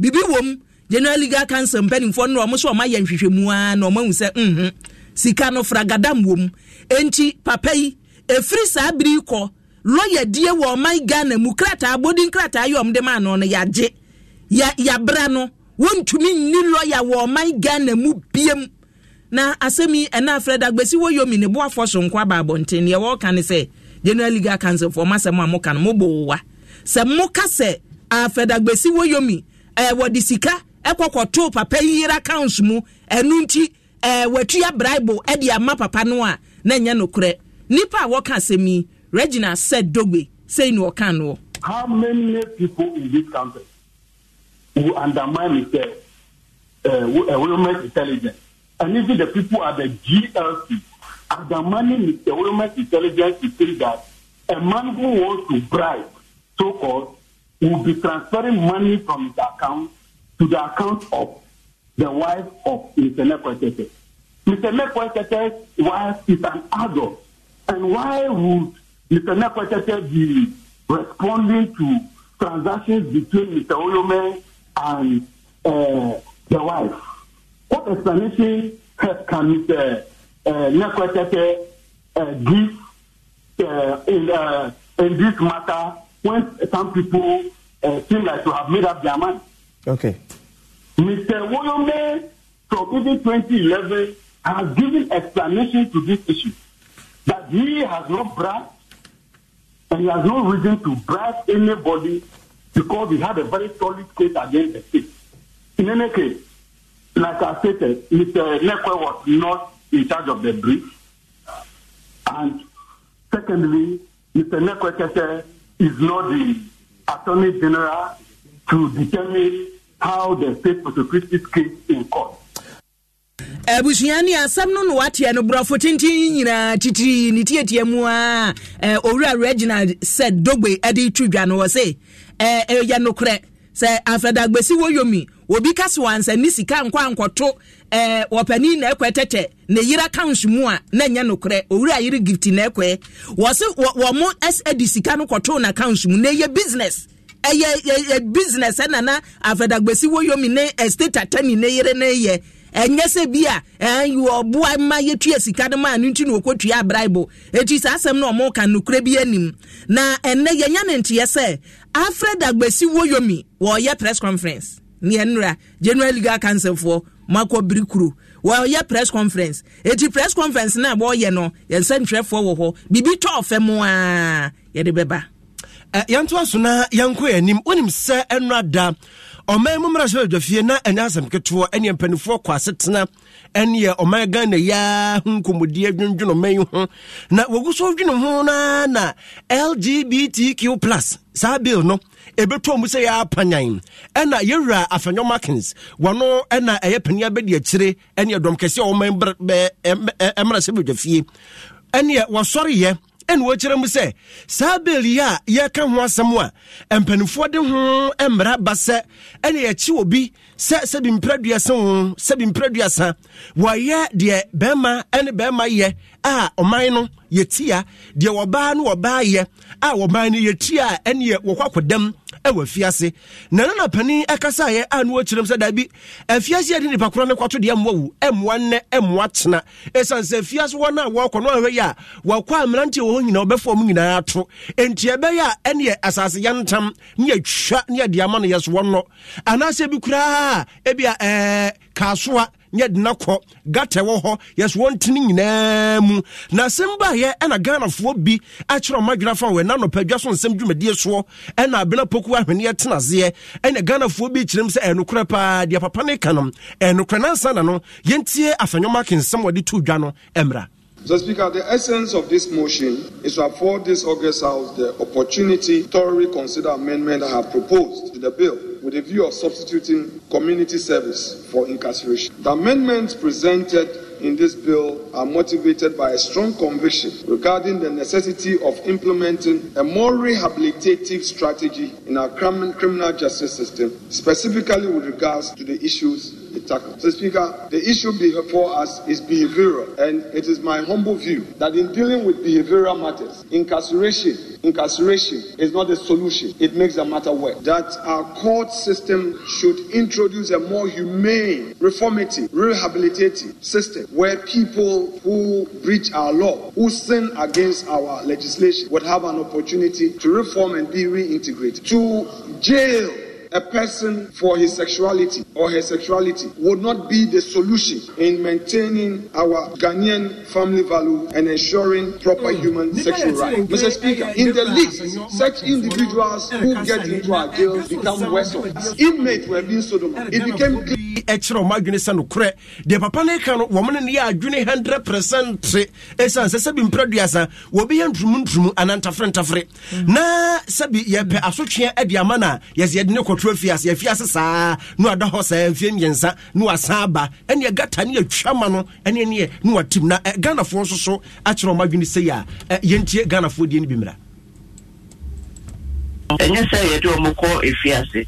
bibi Wom, general legal council mpanimfoɔ no ɔmo so ɔmo ayɛ nhwehwɛ mu ara na ɔmo ahu sɛ nhun sika no fragadam Wom, eti papa yi efiri saa biri kɔ lɔyɛdie wɔ ɔman ghana mu krataa bodi krataa yi ɔmo de maa no no yagye ya yabra no wɔntumi nni lɔya wɔ ɔman ghana mu biem na asɛm yi ɛna afrɛ da gbesi wɔyɔmi ne boafoɔ so nko aba abɔnten deɛ wɔɔka ne sɛ general legal council fɔ ɔmo asɛm a mo ka no mo bɔ wa sɛ mo ka sɛ afrɛ da gbesi wɔyɔmi ɛɛ wɔde sika ɛkɔkɔto eh, papa yi yira accounts mu ɛnu eh, nti ɛɛ wɔatua braibo ɛde ama papa no a na nyɛ nokorɛ nipa a wɔka asɛm yi Regina said Dogbe say no can no. How many people in this country who undermine the uh, uh, women's intelligence? And even the people at the GLC undermining the women's intelligence to say that a man who wants to bribe, so called, will be transferring money from his account to the account of the wife of Mr. Nekwetete. Mr. Nekwetete's wife is an adult. And why would Mr. Nekwete said responding to transactions between Mr. Oyome and uh, the wife. What explanation can Mr. Uh, Nekwete uh, give uh, in, uh, in this matter when some people uh, seem like to have made up their mind? Okay. Mr. Woyome from even 2011 has given explanation to this issue that he has not brought. And he has no reason to bribe anybody because he had a very solid case against the state. In any case, like I stated, Mr. Nekwe was not in charge of the bridge. And secondly, Mr. Nekwe is not the Attorney General to determine how the state prosecutes this case in court. abusua ne asɛm no na wateɛ no borɔfo tenten nyinaa titiri ne tietia mu a owura reginald sɛ dogbe de to dwa no wɔ se ɛyɛ nokorɛ sɛ afradagbesi wɔyomi obi ka so ansa ne sika nkɔ ankɔto ɛɛ wɔpanin na ɛkɔ tɛtɛ ne yira kansu mu a na nyɛ nokorɛ owura yiri gifti na ɛkɔ wɔsi wɔn ɛs de sika no kɔto na kansu mu na ɛyɛ business ɛyɛ ɛyɛ business ɛnana afradagbesi wɔyomi ne estate attorney ne yere ne yɛ. ɛnyɛ sɛ bi a ɔboa eh, ma yɛtua sika no ma no nti na wɔkɔtua abraibo ɛti saa asɛm no ɔmo ka nokorɛ bi anim na ɛnɛ yɛnya ne nteɛ sɛ alfred agbasi woyomi wɔyɛ press conference neɛnra general legal council foɔ makɔ wɔyɛ press conference ɛti press conference no a wɔyɛ no yɛnsɛntwerɛfoɔ wɔ hɔ biribi tɔɔ fɛ mu a yɛde bɛba eh, yɛntoa so na yɛnkɔ yɛ anim wonim sɛ ɛnora da ɔman mu mmara sɛ adwafie na ɛnyɛ asɛm ketewa ɛneɛ mpanimfoɔ kɔ asetena ɛneɛ ɔman ghana yaa ho nkɔmmɔdi adwendwene ɔman yi ho na wɔgu so dwene ho na na lgbtq plus saa bill no ɛbɛtɔ mu sɛ yɛapanyan ɛna yɛwura afanyɔ makins wɔno ɛna ɛyɛ pania bɛdi akyire ɛneɛ dɔm kɛseɛ ɔman mmara sɛ badwafie ɛneɛ wɔsɔreyɛ ɛna wɔkyerɛ mu sɛ saa beeli a yɛka ho asɛm a mpanimfoɔ de ho mmara ba sɛ ɛna yɛkyi wɔ bi sɛ sɛbi mprɛduasa ho sɛbi mprɛduasa wɔyɛ deɛ bɛrima ne bɛrima yɛ a ɔman no yɛtia deɛ wɔbaa ne wɔbaa yɛ a wɔman no yɛtia ɛne yɛ wɔkɔ akɔdam ɛwɔ afiase na nana panin ɛkasaeɛ a no wɔkyerɛm sɛ daabi afiase yɛde nipa korɔ no kwato deɛ mmoa wu ɛmmoa nnɛ ɛmmoa tena ɛsiane sɛ afiase hɔ no a wɔkɔ no ahwɛ yi a wɔkɔ mmerante wɔ hɔ nyinaa wɔbɛfoɔ mu nyinaa ato enti ɛbɛyɛ a ɛneɛ asase yɛntam ne yɛtwa ne yɛde ama no yɛ so wɔnnɔ anaasɛ bi koraa ebi a ɛɛ kaasoa nyɛ dena kɔ gata wɔ hɔ wɔntene nyinaa mu na asɛm ɛna ghanafoɔ bi akyerɛ fa so nsɛm soɔ ɛna abena poku ahweneɛ tenaseɛ ɛna ghanafoɔ bi kyerɛm sɛ ɛnokorɛ paa deɛ papa ne ka no ɛnokorɛ nansa na no yɛntie akensɛm wɔde to dwa no Mr. Speaker, the essence of this motion is to afford this August House the opportunity to thoroughly consider amendments I have proposed to the bill with a view of substituting community service for incarceration. The amendments presented in this bill are motivated by a strong conviction regarding the necessity of implementing a more rehabilitative strategy in our criminal justice system, specifically with regards to the issues tackles. So, Speaker, the issue before us is behavioral, and it is my humble view that in dealing with behavioral matters, incarceration, incarceration is not the solution. It makes the matter worse. That our court system should introduce a more humane, reformative, rehabilitative system where people who breach our law, who sin against our legislation, would have an opportunity to reform and be reintegrated. To jail a person for his sexuality or her sexuality would not be the solution in maintaining our Ghanaian family value and ensuring proper mm. human sexual rights. Mr. Speaker, in the least, such individuals who get into our jails become worse off. inmates were being sodomized. It became clear. de ɛkyerɛ ɔma adwene sɛ nokorɛ deɛ papa no ka no wɔm no ne yɛ adwene 100 percent ɛsiane sɛ sɛbi mprɛduasa wɔbɛyɛ nturumu nturumu anaa ntafere na sɛbi yɛpɛ asotwea ade ama no a yɛsɛ yɛde ne kɔto afie ase yɛfie ase saa na wada hɔ saa mfie mmiɛnsa na wasan aba ɛneɛ gata ne yɛtwa ma no ɛne neɛ na watim na ghanafoɔ nso so akyerɛ ɔma adwene sɛ yi a yɛntie ghanafoɔ deɛ no bi mmra ɛnyɛ sɛ yɛde ɔmo kɔ efiase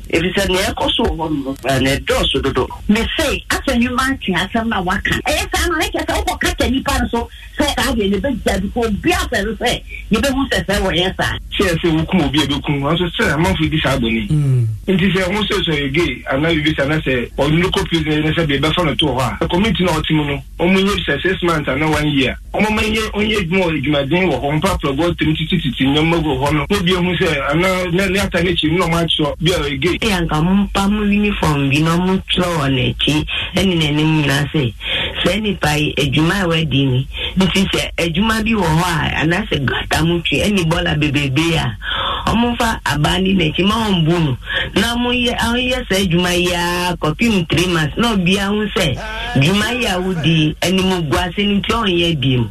nea ɛkɔ so wɔ hɔ no dodo. mese asɛ nyuma nti asɛm na waka ɛyɛ saa no ɛkyɛ sɛ wokɔ kata no so sɛ saa deɛ ne bɛgya bi kɔ obi afɛre sɛ yɛbɛhu sɛ sɛ wɔyɛ saa. sɛ ɛsɛ wokum obi a bɛkum nanso sɛ amanfo di saa bɔne mm. nti sɛ ho sɛ sɛ ɛge anaa bibi sɛ ana sɛ ɔno kɔ prison ne sɛ bɛbɛfa no to hɔ a community na ɔte no ɔmo sɛ six months ana one year ɔmo ma ɔnyɛ adwuma wɔ adwumaden wɔ hɔ mpaprɛ gɔ tɛm titititi nyɛma gu hɔ no obi ehu sɛ anaa ne ne ata n'ekyi na ɔmo akyerɛ bi a ege. ɛyà nka mpa mo uniform bi na ɔmo twerɛ wɔ n'akyi ɛne n'anim nyinaa sɛ sɛ nipa yi adwuma a wadi ni nti sɛ adwuma bi wɔ hɔ a anaasɛ gata mo twi ɛne bɔla bebrebe a ɔmo fa abaa ni n'akyi ma ɔmo bu no na ɔmo yɛ ɔyɛ sɛ adwuma yi a kɔpim three months na ɔbia ho sɛ adwuma yi a wodi anim gu ase ne nti ɔnyɛ biem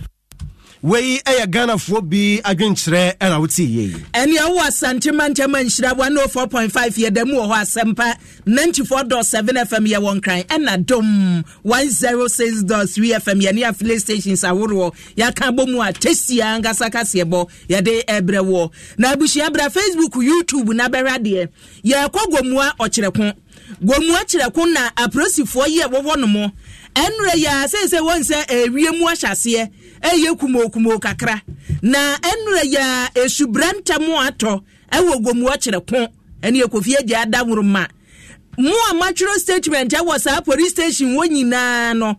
wei ɛyɛ ghanafoɔ bi adwenkyerɛ ɛna wote yie ɛne ɛwo asantema ntɛm anhyira 104.5 yɛda mu wɔ hɔ asɛmpa 94.7 fm yɛwɔ nkran ɛna dom 106.3 fm yɛne afile stations ahoroɔ yɛaka bɔ mu a tɛsia ankasa kaseɛbɔ yɛde ɛbrɛ wɔ na abusua bra facebook youtube na bɛhwɛ adeɛ yɛrekɔ gomua ɔkyerɛko gomua kyerɛko na aprosifoɔ yi a wɔwɔ no mo ɛnwerɛ yɛ a seesɛ wɔn sɛ ɛwie mu ahyɛseɛ ɛyɛ kumokumo kakra na ɛnura yɛ esubra ntam atɔ ɛwɔ gomua kyerɛ ko ɛne ekofie gya ada nworoma mu a matwerɛ statement ɛwɔ saa police station wɔ nyinaa no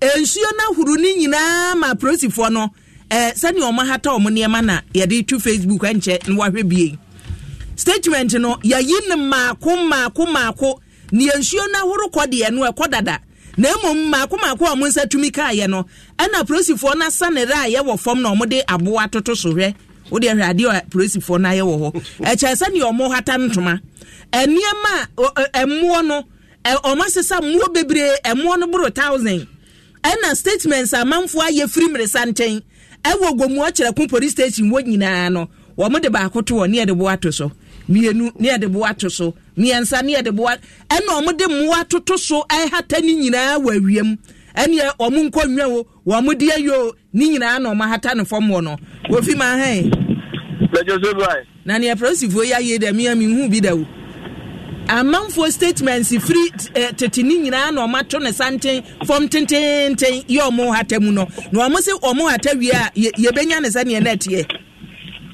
nsuo no ahuru ne nyinaa ma polisifoɔ no ɛɛ sɛnea wɔn ahata wɔn nneɛma na yɛde tu facebook ɛnkyɛ na wahwɛ bie statement no yɛyi ne maako maako maako nea nsuo no ahoro kɔ deɛ no ɛkɔ dada. na mmom mmaako mmaako a ɔmo nsa tumi kaayɛ no ɛna polisifoɔ no ne ra a yɛwɔ fam na ɔmo de aboa toto so hwɛ wode hwɛ adeɛ a polisifoɔ no ayɛ wɔ hɔ ɛkyɛ sɛdeɛ ɔmo hata ntoma nneɛma a ɛmmoɔ no ɔmo asesa mmoɔ bebree ɛmmoɔ no boro thousand ɛna statements a amanfoɔ ayɛ firi mmirisa nkyɛn ɛwɔ gomu ɔkyerɛko police station wɔ nyinaa no wɔn de baako to wɔ ne yɛde bo ato so mmienu ne yɛde boa ato so mmiɛnsa ne yɛde boa ɛna wɔn de mmoa atoto so ɛhata ne nyinaa wɔ awiam ɛne wɔn nkonnwa o wɔn de ayɛ o ne nyinaa na wɔn ahata ne fam wɔ no wofi ma hɛn. bɛjɛ so bai. na nea polisifoɔ yi ayɛ dɛm yɛn mi hu bi da o amanfoɔ statements firi tete ne nyinaa na ɔmo ato ne santen fam tententen yɛ ɔmo hata mu no na ɔmo sɛ ɔmo hata wie a yɛbɛnya ne sɛ neɛ nɛteɛ.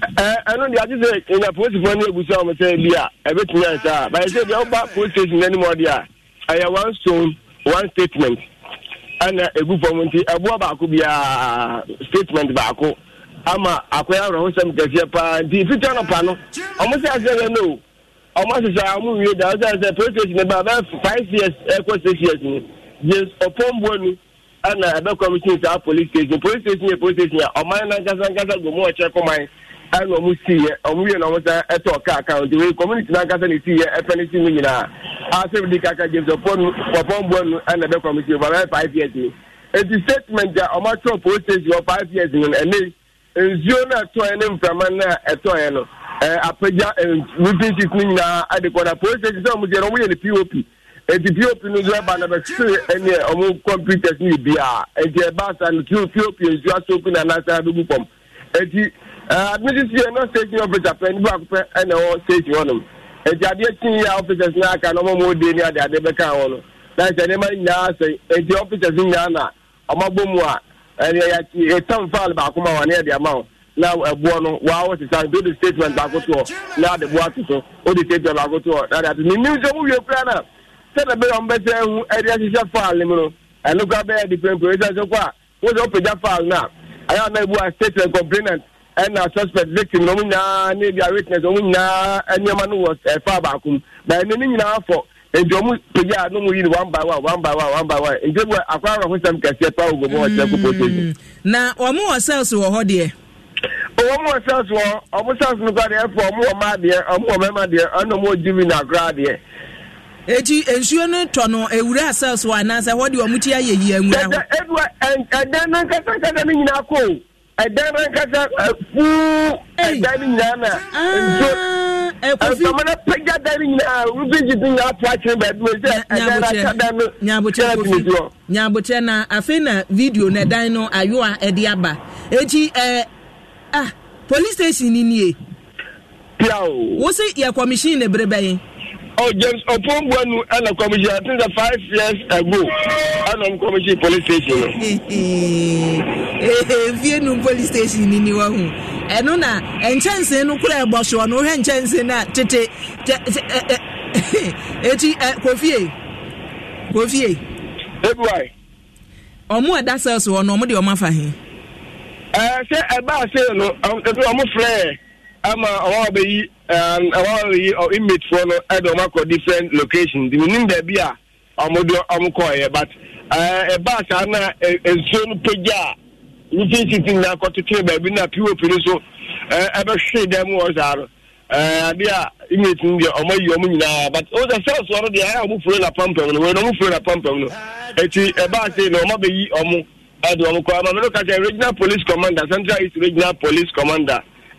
ɛno deɛ agye sɛ ɛnya polisifoɔ no ɛbu sɛ ɔm sɛ bi a ɛbɛtumi ansa a bayɛ sɛ deɛ woba police station a ɛyɛ one stone one statement ɛna ɛgu fam nti ɛboa baako statement baako ama akɔyɛ awerɛhosɛm kɛseɛ paa nti fitia no pa no ɔmo sɛ asɛ yɛ no ɔmo asesa ɔmo wie da police station ba bɛyɛ five years ɛkɔ six years no yes ɔpɔmboa nu ɛna ɛbɛkɔmhyini saa polisi station polisi station yɛ station ɔman ɛna ɔmo siiɛ ɔmo wie na ɔmo sɛ ɛtɔ kaa kan nti wei community n'ankasa ne siiɛ ɛfɛ ne si mu nyinaa asɛm ah, di kaka james ɔpɔnu ɔpɔnbua nu ɛna ɛbɛ kɔmi si ɔbɛn five years ni eti statement a ɔmo atwere police wɔ five years ni ɛne nsuo na ɛtɔɛ ne mframa na ɛtɔɛ no ɛɛ apagya roofing sheet ne nyinaa adi kɔ na police station sɛ ɔmo gyɛ no ɔmo yɛ ne pop eti pop no nso ɛba na bɛsiri ɛne ɔmo computers ne bi eti ɛba asa no pop nsuo na anasa abebu eti administration na station officer pɛ nipa akopɛ ɛna ɛwɔ station hɔnom eti adeɛ tii a officers na aka na ɔmo de ni ade ade bɛka wɔn no na ɛsɛ nneɛma nyinaa sɛ eti officers nyinaa na ɔmo abɔ mu a ɛni ɛyɛ etam faal baako ma wɔn ɛyɛ de ama wɔn na ɛboɔ no wɔawɔ sisan nti o de statement baako to hɔ na ade boɔ ato so o de statement baako to hɔ na ade ato ne nim sɛ mo wie kura na sɛdeɛ bɛyɛ ɔmo bɛsɛ ɛhu ɛde ahyehyɛ faal ne mu no ɛno kura bɛyɛ de pɛmpɛ o sɛ ɛsɛ kɔ a wɔsɛ ɔpɛgya faal na ayɛ ɔna complainant ɛna suspect victim na ɔmo nyinaa ne bi witness ɔmo nyinaa no wɔ ɛfa baako mu na ne nyinaa afɔ nti a yi one by one one by one one by one sɛm kɛseɛ pa ogo na ɔmo wɔ cells wɔ hɔ deɛ. ɔmo wɔ cells wɔ ɔmo cells no kɔ deɛ ɛfɔ ɔmo wɔ mmaa deɛ ɔmo wɔ deɛ ɛna na akora deɛ. eti nsuo no tɔ no ewura cells wɔ anaasɛ wɔde ɔmo ti ayɛ yie nwura ɛdan na nkasa fuu ɛdan no nyinaa na nso ɛntɔmɔ na pɛgya dan no nyinaa rubigi bi nyinaa ato akyerɛ baabi wɔ sɛ ɛdan na aka no nyɛ bi wɔ. na afei na video na ɛdan no ayo a ɛde aba eti ɛɛ ah police station ni nie. pia o. wosi yɛ kɔmishin na ebere bɛyin oh, James Opombuanu oh, and the commission, I think the five years ago, and I'm commission police station. Vienu eh, eh, eh, police station in your home. ɛno na nkyɛnse no kora ɛbɔ soɔ no wohwɛ nkyɛnse no a tete ɛti kofie kofie ɛbuae ɔmo ɛda sɛs oh, hɔ no ɔmo de ɔmo afa he sɛ ɛbaa sei no ɛbi ɔmo frɛ ama ɔwɔ bɛyi ɛwɔ yi inmate foɔ no ɛde ɔmo akɔ different location di uh, uh, a ɔmo de ɔmo kɔɔyɛ but ɛɛ ɛbaa saa na nsuo no pagya a nifin city nyinaa kɔtete baabi na pop no so ɛɛ ɛbɛhwee dɛm wɔ saa no ɛɛ ade a inmate no deɛ ɔmo ayi ɔmo nyinaa but o sɛ sɛls wɔ no deɛ ɛyɛ ɔmo fure na pampam no wɔn ɔmo fure na pampam no eti ɛbaa se na ɔmo abɛyi ɔmo ɛde ɔmo kɔ ama mɛ no kata regional police commander central east regional police commander.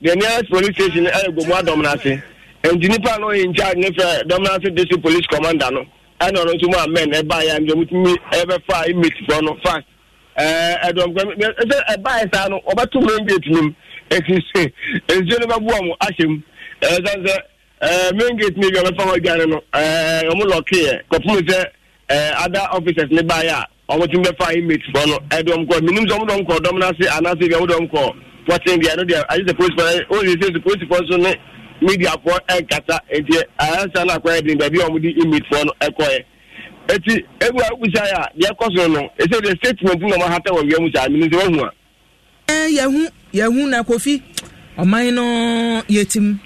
the nearest police station ɛyɛ dominance nti nipa no in charge ne fɛ dominance district police commander no ɛna ɔno nso mu amen ɛba yɛ anjɛ mutumi Ẹ imate fɔ no fast ɛɛ ɛdɔm kɛmɛ ɛsɛ ɛba yɛ saa no ɔbɛto mu ɛnbi etinim eti se nsuo no bɛbu ɔmo ahyɛ mu ɛsan sɛ ɛɛ main gate mi bi ɔbɛfa hɔ dwane no ɛɛ ɔmo lɔke yɛ kɔpum sɛ ɛɛ ada officers ne wɔtene bia no deɛ agye sɛ polisifoɔ ɔyɛ sɛ sɛ polisifoɔ nso ne mediafoɔ ɛnkasa nti ansa no akɔyɛ den baabi a wɔmde imitfoɔ no ɛkɔyɛ eti egu a wobusa yɛ a deɛ ɛkɔ so no ɛsɛ deɛ statement na ɔmahata wɔ wia mu saa mene sɛ wahu a yɛhu yɛhu na kofi ɔman oh, no yɛtim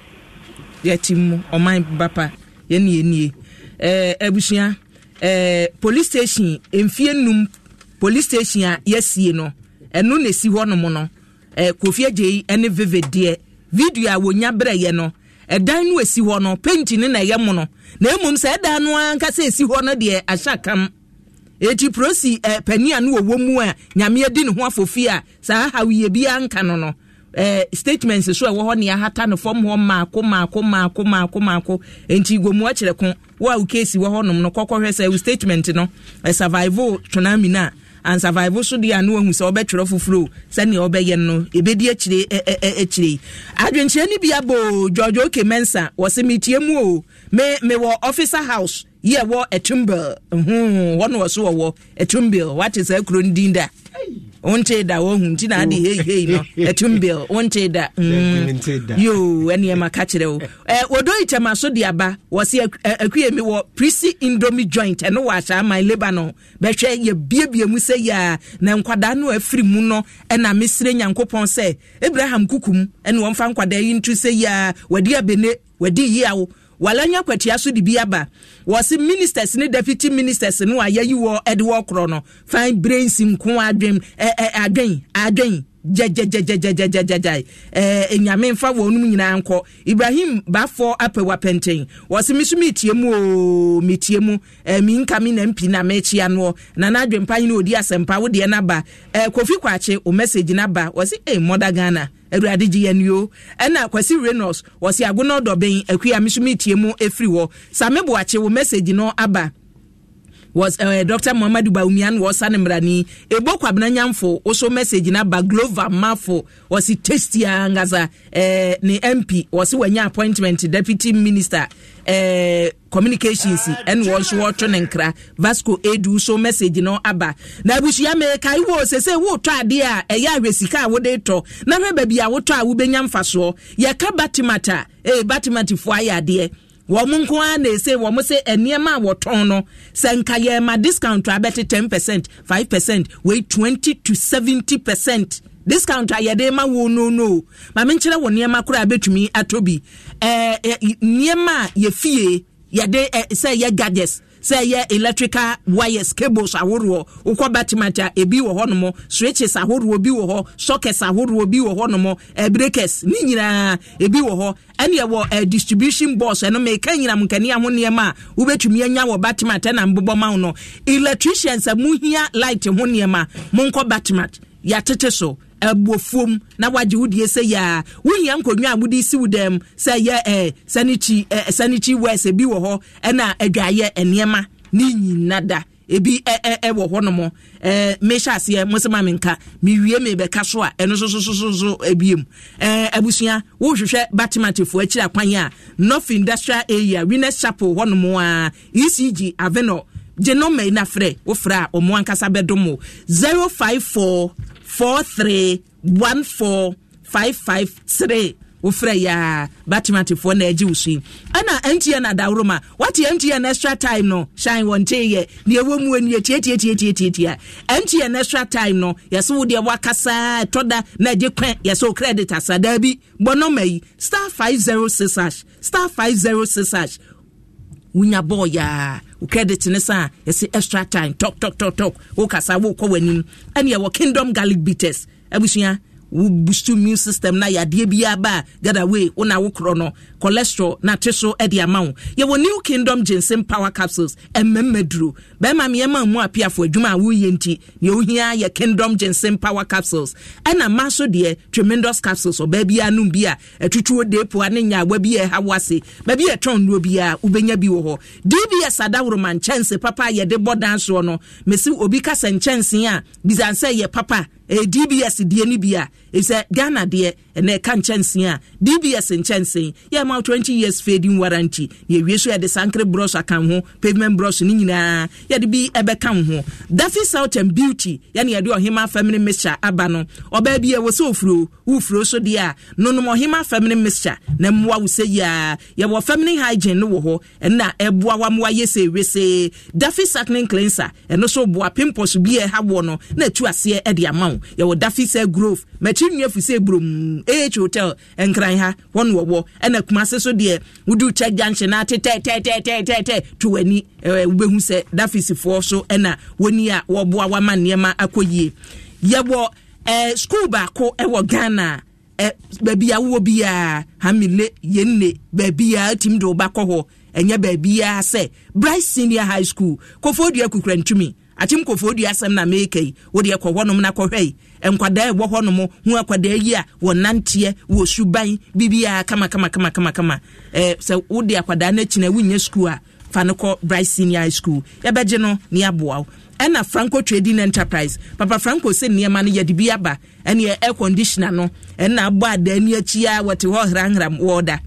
yɛtim ɔman bapa oh, yɛne yɛnie ɛɛ abusua eh, eh, ah. ɛɛ eh, polisi station mfie num police station a ah, yɛsie no ɛno na esi hɔ nom no eh, kofi agye yi ne vivid deɛ video a wɔnya berɛ yɛ no ɛdan no esi hɔ no penti ne na ɛyɛ mu no na emom sɛ ɛdan no ankasa esi hɔ no deɛ ahyɛ kam eti prosi ɛ eh, panyin a no wɔwɔ mu a nyame adi ne ho afofi a saa hawiye bi anka no no ɛɛ eh, statement so ɛwɔ hɔ nea hata no fam hɔ maako maako maako maako maako nti gomu akyerɛ ko wo a wo keesi wɔ hɔnom no kɔkɔhwɛ sɛ statement no ɛ eh, survival tsunami na ansavive so deɛ ano ahu sɛ ɔbɛtwerɛ foforɔ sɛnea ɔbɛyɛ no ɛbɛdi akyire akyire adwenkyerɛ no bi aboo george oke mensa wɔ sɛ metie mu o mewɔ officer house yi ɛwɔ ɛtumbil nhun wɔn wɔ so wɔwɔ ɛtumbil wate sɛ kuro ndin da wonte da wɔhu nti na ade heihei no ɛtumbil wonte da yoo ɛnneɛma ka kyerɛ wo ɛɛ wɔdɔ itɛma so de aba wɔsi akuye mi wɔ prisi indomi joint ɛno wɔ ahyɛnman lebanon bɛhwɛ yɛ biebie mu sɛ yia na nkwadaa no afiri mu no ɛna mesire nyankopɔn sɛ abraham kukum ɛna wɔn fa nkwadaa yi ntu sɛ yia wɔde abene wɔde yiawo walanya kwatia so de bi aba wɔsi ministers ne deputy ministers no a yɛyi wɔ ɛde wɔ korɔ no fine brains nko adwen ɛ eh, ɛ eh, eh, adwen adwen gyegyegyegyegyegyegye ɛɛ enyame nfa wɔn mu nyinaa nkɔ ibrahim bafo apɛwa pɛntɛn wɔsi mi so mi tie mu ooo mi tie mu ɛɛ mi nka mi na mpi na mi ekyia noɔ nana adwen pan ne odi asɛmpa wo deɛ naba ɛɛ kofi kwakye o message naba wɔsi ɛɛ mɔda ghana awurade gye yɛn yo ɛna kwasi renos wɔsi agonɔ dɔbɛn akuya mi so mi tie mu efiri hɔ sami buakye wo message no aba was uh, eh, Dr. Muhammad Baumian was Sanemrani. Ebo kwa binanyamfo also message na ba Glover Mafo was it tasty angaza eh, ni MP was wanya appointment deputy minister eh, communications ah, ɛne wɔn nso wɔretwe ne nkra vasco edu so message no aba na abusua mɛka iwo sese wotɔ adeɛ a ɛyɛ ahwɛ sika a wode tɔ na hwɛ baabi a wotɔ ya wobɛnya mfasoɔ yɛka batimata eh batimatifoɔ ayɛ adeɛ wɔn nko ara na ese wɔn sɛ nneɛma a wɔtɔn no sɛ nka yɛn ma discount a bɛte ten percent five percent wei twenty to seventy percent discount a yɛde ma wo no no maame nkyerɛ wɔ nneɛma koro a bɛtumi atɔ bi ɛɛ nneɛma a yɛfie yɛde ɛ sɛ yɛ gadgets sɛ ɛyɛ electrical wires cables ahoroɔ wokɔ batiment a ebi wɔ hɔnom switches ahoroɔ bi wɔ hɔ sockets ahoroɔ bi wɔ hɔnom ɛbrekes ne nyinaa ebi wɔ hɔ ɛne ɛwɔ distribution box ɛno mɛ ɛka nyinam nkani aho nneɛma a wobɛtumi anya wɔ batiment na mbobɔ ma no electricians a mohia light ho nneɛma monkɔ batiment yɛatete so ɛbuofuom na wagye wo die sɛ yɛa wohia nkonnwa a mode si wo dɛm sɛ yɛ eh, sanikyi eh, sanikyi wes ebi wɔ hɔ ɛna adwaeɛ nneɛma ne nyinada ebi ɛwɔ hɔnom ɛɛ mehyɛ aseɛ mosema menka mewie mebɛka so a ɛno so sosososo ebiem ɛɛ abusua wohwehwɛ batimatifo akyiri akwan a north industrial area winners chapel hɔnom a ecg avenor gye nɔmɛ yi na frɛ wofrɛ a ɔmo ankasa bɛdom zero five four four three one four five five three wofrɛ yi a batimatefoɔ na agye wosu yi ɛna mtn adaworo ma wate mtn extra time no hyɛn wɔn nkyɛn yɛ nea ɛwɔ mu nie tietietietietietia mtn extra time no yɛsɛ wo deɛ wakasa ɛtɔ na agye kwan yɛsɛ wo credit asa daabi bɔ nɔma yi star five zero six hash star five zero six hash wonya bɔɔl yaa wo credit ne sa a yɛsɛ extra time talk talk talk talk wo kasa wo kɔ w'anim ɛne yɛwɔ kingdom garlic bitters abusua wo boost system na yadeɛ bi aba a gada wei wo na no cholesterol na te so de ama wo yɛwɔ new kingdom ginseng power capsules mmɛmma duro bɛrima mmeɛma mu apiafo adwuma a woyɛ nti deɛ ohia yɛ kingdom ginseng power capsules ɛna mma so deɛ tremendous capsules ɔbaa biara nom bi a atwitwuo deepoa ne nyaawa bi a ɛha wo ase baabi a ɛtɔn nnuro biara wobɛnya bi wɔ hɔ dbs adaworoma nkyɛnse papa a yɛde bɔ dansoɔ no mesi obi kasa nkyɛnse a bisanse yɛ papa eh, dbs deɛ no bi a ɛsɛ ghana deɛ ɛnɛ ɛka nkyɛnsee a dbs nkyɛnsee yɛ ma 20 years fading warranty na yɛwie so yɛde sankere brush aka ho pavement brush no nyinaa yɛde bi ɛbɛka ho dafi south and beauty yɛne yɛde ɔhema family mixture aba no ɔbaa bi ɛwɔ sɛ ofuro wofuro so deɛ a nonom ɔhema family mixture na mmoa wo sɛ yiaa yɛwɔ family hygiene no wɔ hɔ ɛnna ɛboa wa mmoa yɛ sɛ wesee dafi satin cleanser ɛno so boa pimples bi ɛha wɔ no na ɛtu aseɛ ɛde ama wo yɛwɔ dafisɛ grove makyi nnua fisɛ brom mm, ah hotel nkran ha wɔn wɔwɔ ɛna kumase so deɛ wodu check junction na te tɛtɛtɛtɛtɛ to w'ani wobɛhu sɛ dafisifoɔ so ɛna wɔni a wɔboa wama nneɛma akɔ yie yɛwɔ eh, school baako ɛwɔ ghana eh, baabi a wowɔ biara hamile yenne baabiara timi de wobakɔ hɔ ɛnyɛ baabiara sɛ bright senior high school kɔfɔdua kukura ntumi akyem kɔfoɔ dua asɛm na meeka yi wodeɛ kɔ hɔnom na kɔhwɛ yi nkwadaa ɛwɔ hɔnom ho akwadaa yi a wɔnanteɛ wɔ suban kama kama eh, sɛ wode akwadaa no akyina wonyɛ sukuu a fa no kɔ bright senior high school yɛbɛgye no ne yɛaboa wo ɛna franco trading enterprise papa franco sɛ nneɛma no yɛde bi aba ɛneɛ air conditioner no ɛna abɔ adaa ni akyi a wɔte hɔ hranhram wɔɔda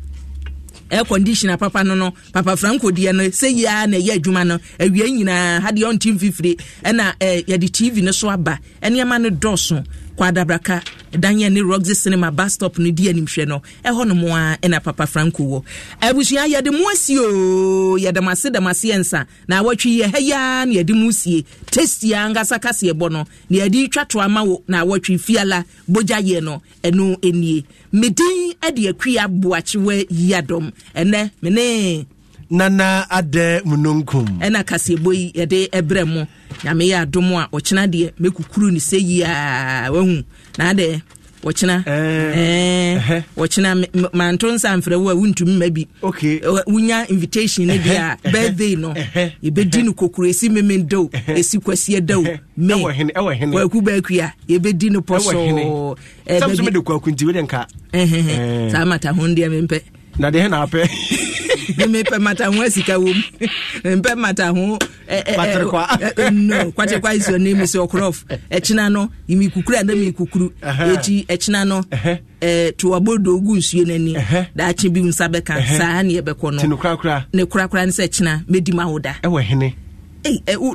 air conditioner papa no no papa franco deɛ no sɛ yia na ɛyɛ adwuma no awie nyinaa hadeɛ ɔntim fifire ɛna eh, yɛde tv no so aba nneɛma no dɔɔso kwadabraka daniel ne roxy cinema bus stop no di animhwɛ no ɛhɔ nom a ɛna papa franco wɔ abusua yɛde mu asi o yɛde mu ase dɛm ase yɛnsa na awɔtwe yɛ hɛyaa na yɛde mu sie testia ankasa kaseɛ bɔ no na yɛde twa to ama wo na awɔtwe fiala bogya yɛ no ɛno nie medin ɛde akua boakyewa yia dɔm ɛnɛ mene nana adɛ munonkum ɛna kaseɛbɔ yi yɛde ɛbrɛ mu nyame yɛ adom a ɔkyena deɛ mɛkukuru ne sɛ yiaa wahu na adɛ wɔkyena wɔkyena manto nsa mfrɛ wo a wontumi ma bi wonya eh, invitation no deɛ a birthday no yɛbɛdi no kokuro ɛsi meme da o ɛsi kwaseɛ da o mekwaku baaku a yɛbɛdi no pɔ sosaa mata ho deɛ mempɛ na deɛ na apɛ mepɛ mata ho asika wɔ mu mpɛ mata ho eh, eh, eh, no kwatekwa is your name sɛ ɔkorɔf ɛkyena no mekukuru ana mekukuru ɛti ɛkyena no towabodo gu nsuo no ani daakye bi mu nsa bɛka saa ne yɛbɛkɔ no ne korakora ne sɛ kyena mɛdi ma wo da hene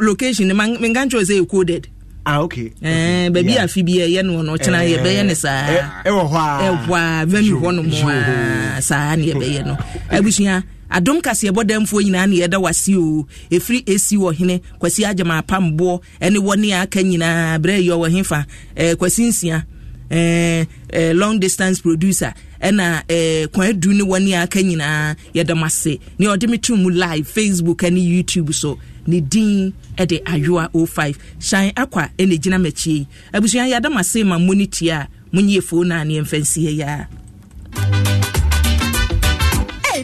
location no menka nkyerɛ sɛ yɛ coded Ah, okay. Eh okay. Eh, baabi yeah. afi bi ɛyɛ no no kyena eh, yɛbɛyɛ ne saa ɛwɔ hɔ a venue hɔ no mu a saa ne yɛbɛyɛ no abusua adom kaseɛbɔ damfoɔ nyinaa ne yɛda wase o ɛfiri ɛsi wɔ hene kwasi agyama apamboɔ ɛne wɔ ne aka nyinaa berɛ yɛ wɔ hefa fa eh, kwasi nsia eh, eh, long distance producer ɛna eh, kwan adu ne wɔ ne aka nyinaa yɛda mase ase ne ɔde me to mu live facebook ne youtube so ne din ɛde ayoa 05 hyɛn akwa ɛna gyina m'akyi abusua yɛada m ase ma mmɔ ne tie a monyɛ fo no a ne yɛa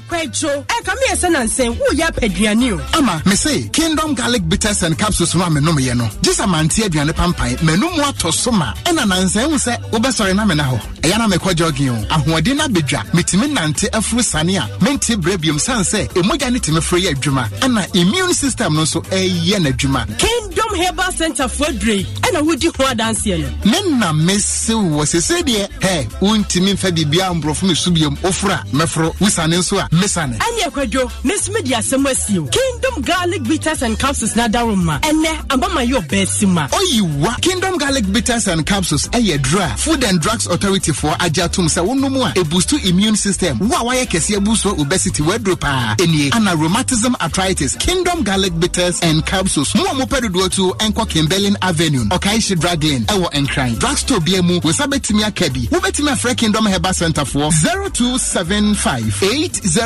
kwadwo ɛka meyɛ sɛ nansɛn woyɛ apaduane o ama mese kingdom garlic bitters and capsules no a menomyɛ no gye sɛ mante aduane pampan manu mu atɔ so ma ɛna nansɛn hu sɛ wobɛsɔre na mena hɔ ɛyɛ na mekɔ jɔgin o ahoɔden no abɛdwa metumi nante afuru sane a mente berɛ biom sane sɛ ɛmogya no tumi foro yɛ adwuma ɛna immune system no nso ɛyɛ n'adwuma kingdom herbal centerfoɔ dure ɛna wodi ho adanseɛ no ne na mese wɔ sɛ sɛdeɛ hɛ wontumi mfa biribia mborɔfo mesu biom oforo a mɛforo wosane nso a mesane ɛne akwadwo mesome de asɛm asi o kingdom garlic bitters and capsules na adaro ma ɛnɛ abama yɛ ɔbɛasi ma ɔyi kingdom garlic bitters and capsules ɛyɛ duru a food and drugs authority foɔ agye atom sɛ wonom a ɛbusto immune system wo a woayɛ kɛseɛ busua obesity waduro paa ɛnie ana rheumatism arthritis kingdom garlic bitters and capsules mo a mopɛ dodoɔ to ɛnkɔ kimberlin avenue ɔkaehye drug lane ɛwɔ nkran drugstore bia mu wosa bɛtumi aka bi wobɛtumi afrɛ kingdom herba centerfoɔ 0275 80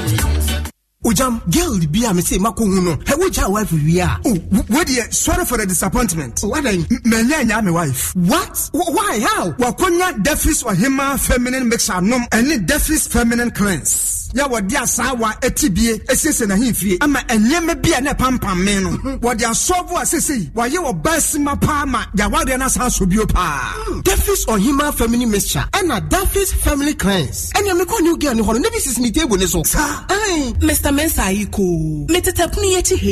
ojam girl bi a mese mako hu no ẹ wogya wife wie a. o oh, wo sorry for the disappointment. wadan mɛnyɛ nya mi wife. what why how. wakonya defis ɔhema feminine mixer nom ɛne defis feminine cleanse. yà wɔ di asaawa eti bie esiesie n'ahin fie ama nneɛma bi a ne pampam mi no wɔde asɔɔbo a sese yi wɔayɛ wɔ bɛsima paa ma yawadeɛ n'asa so bio paa. Mm. defis ɔhema feminine mixer ɛna defis feminine cleanse ɛnìyɛn mi kɔ new girl ni hɔ no ne bi sisi ni so. saa ɛn mr mensa mensa yi ko metetapunu yɛkyi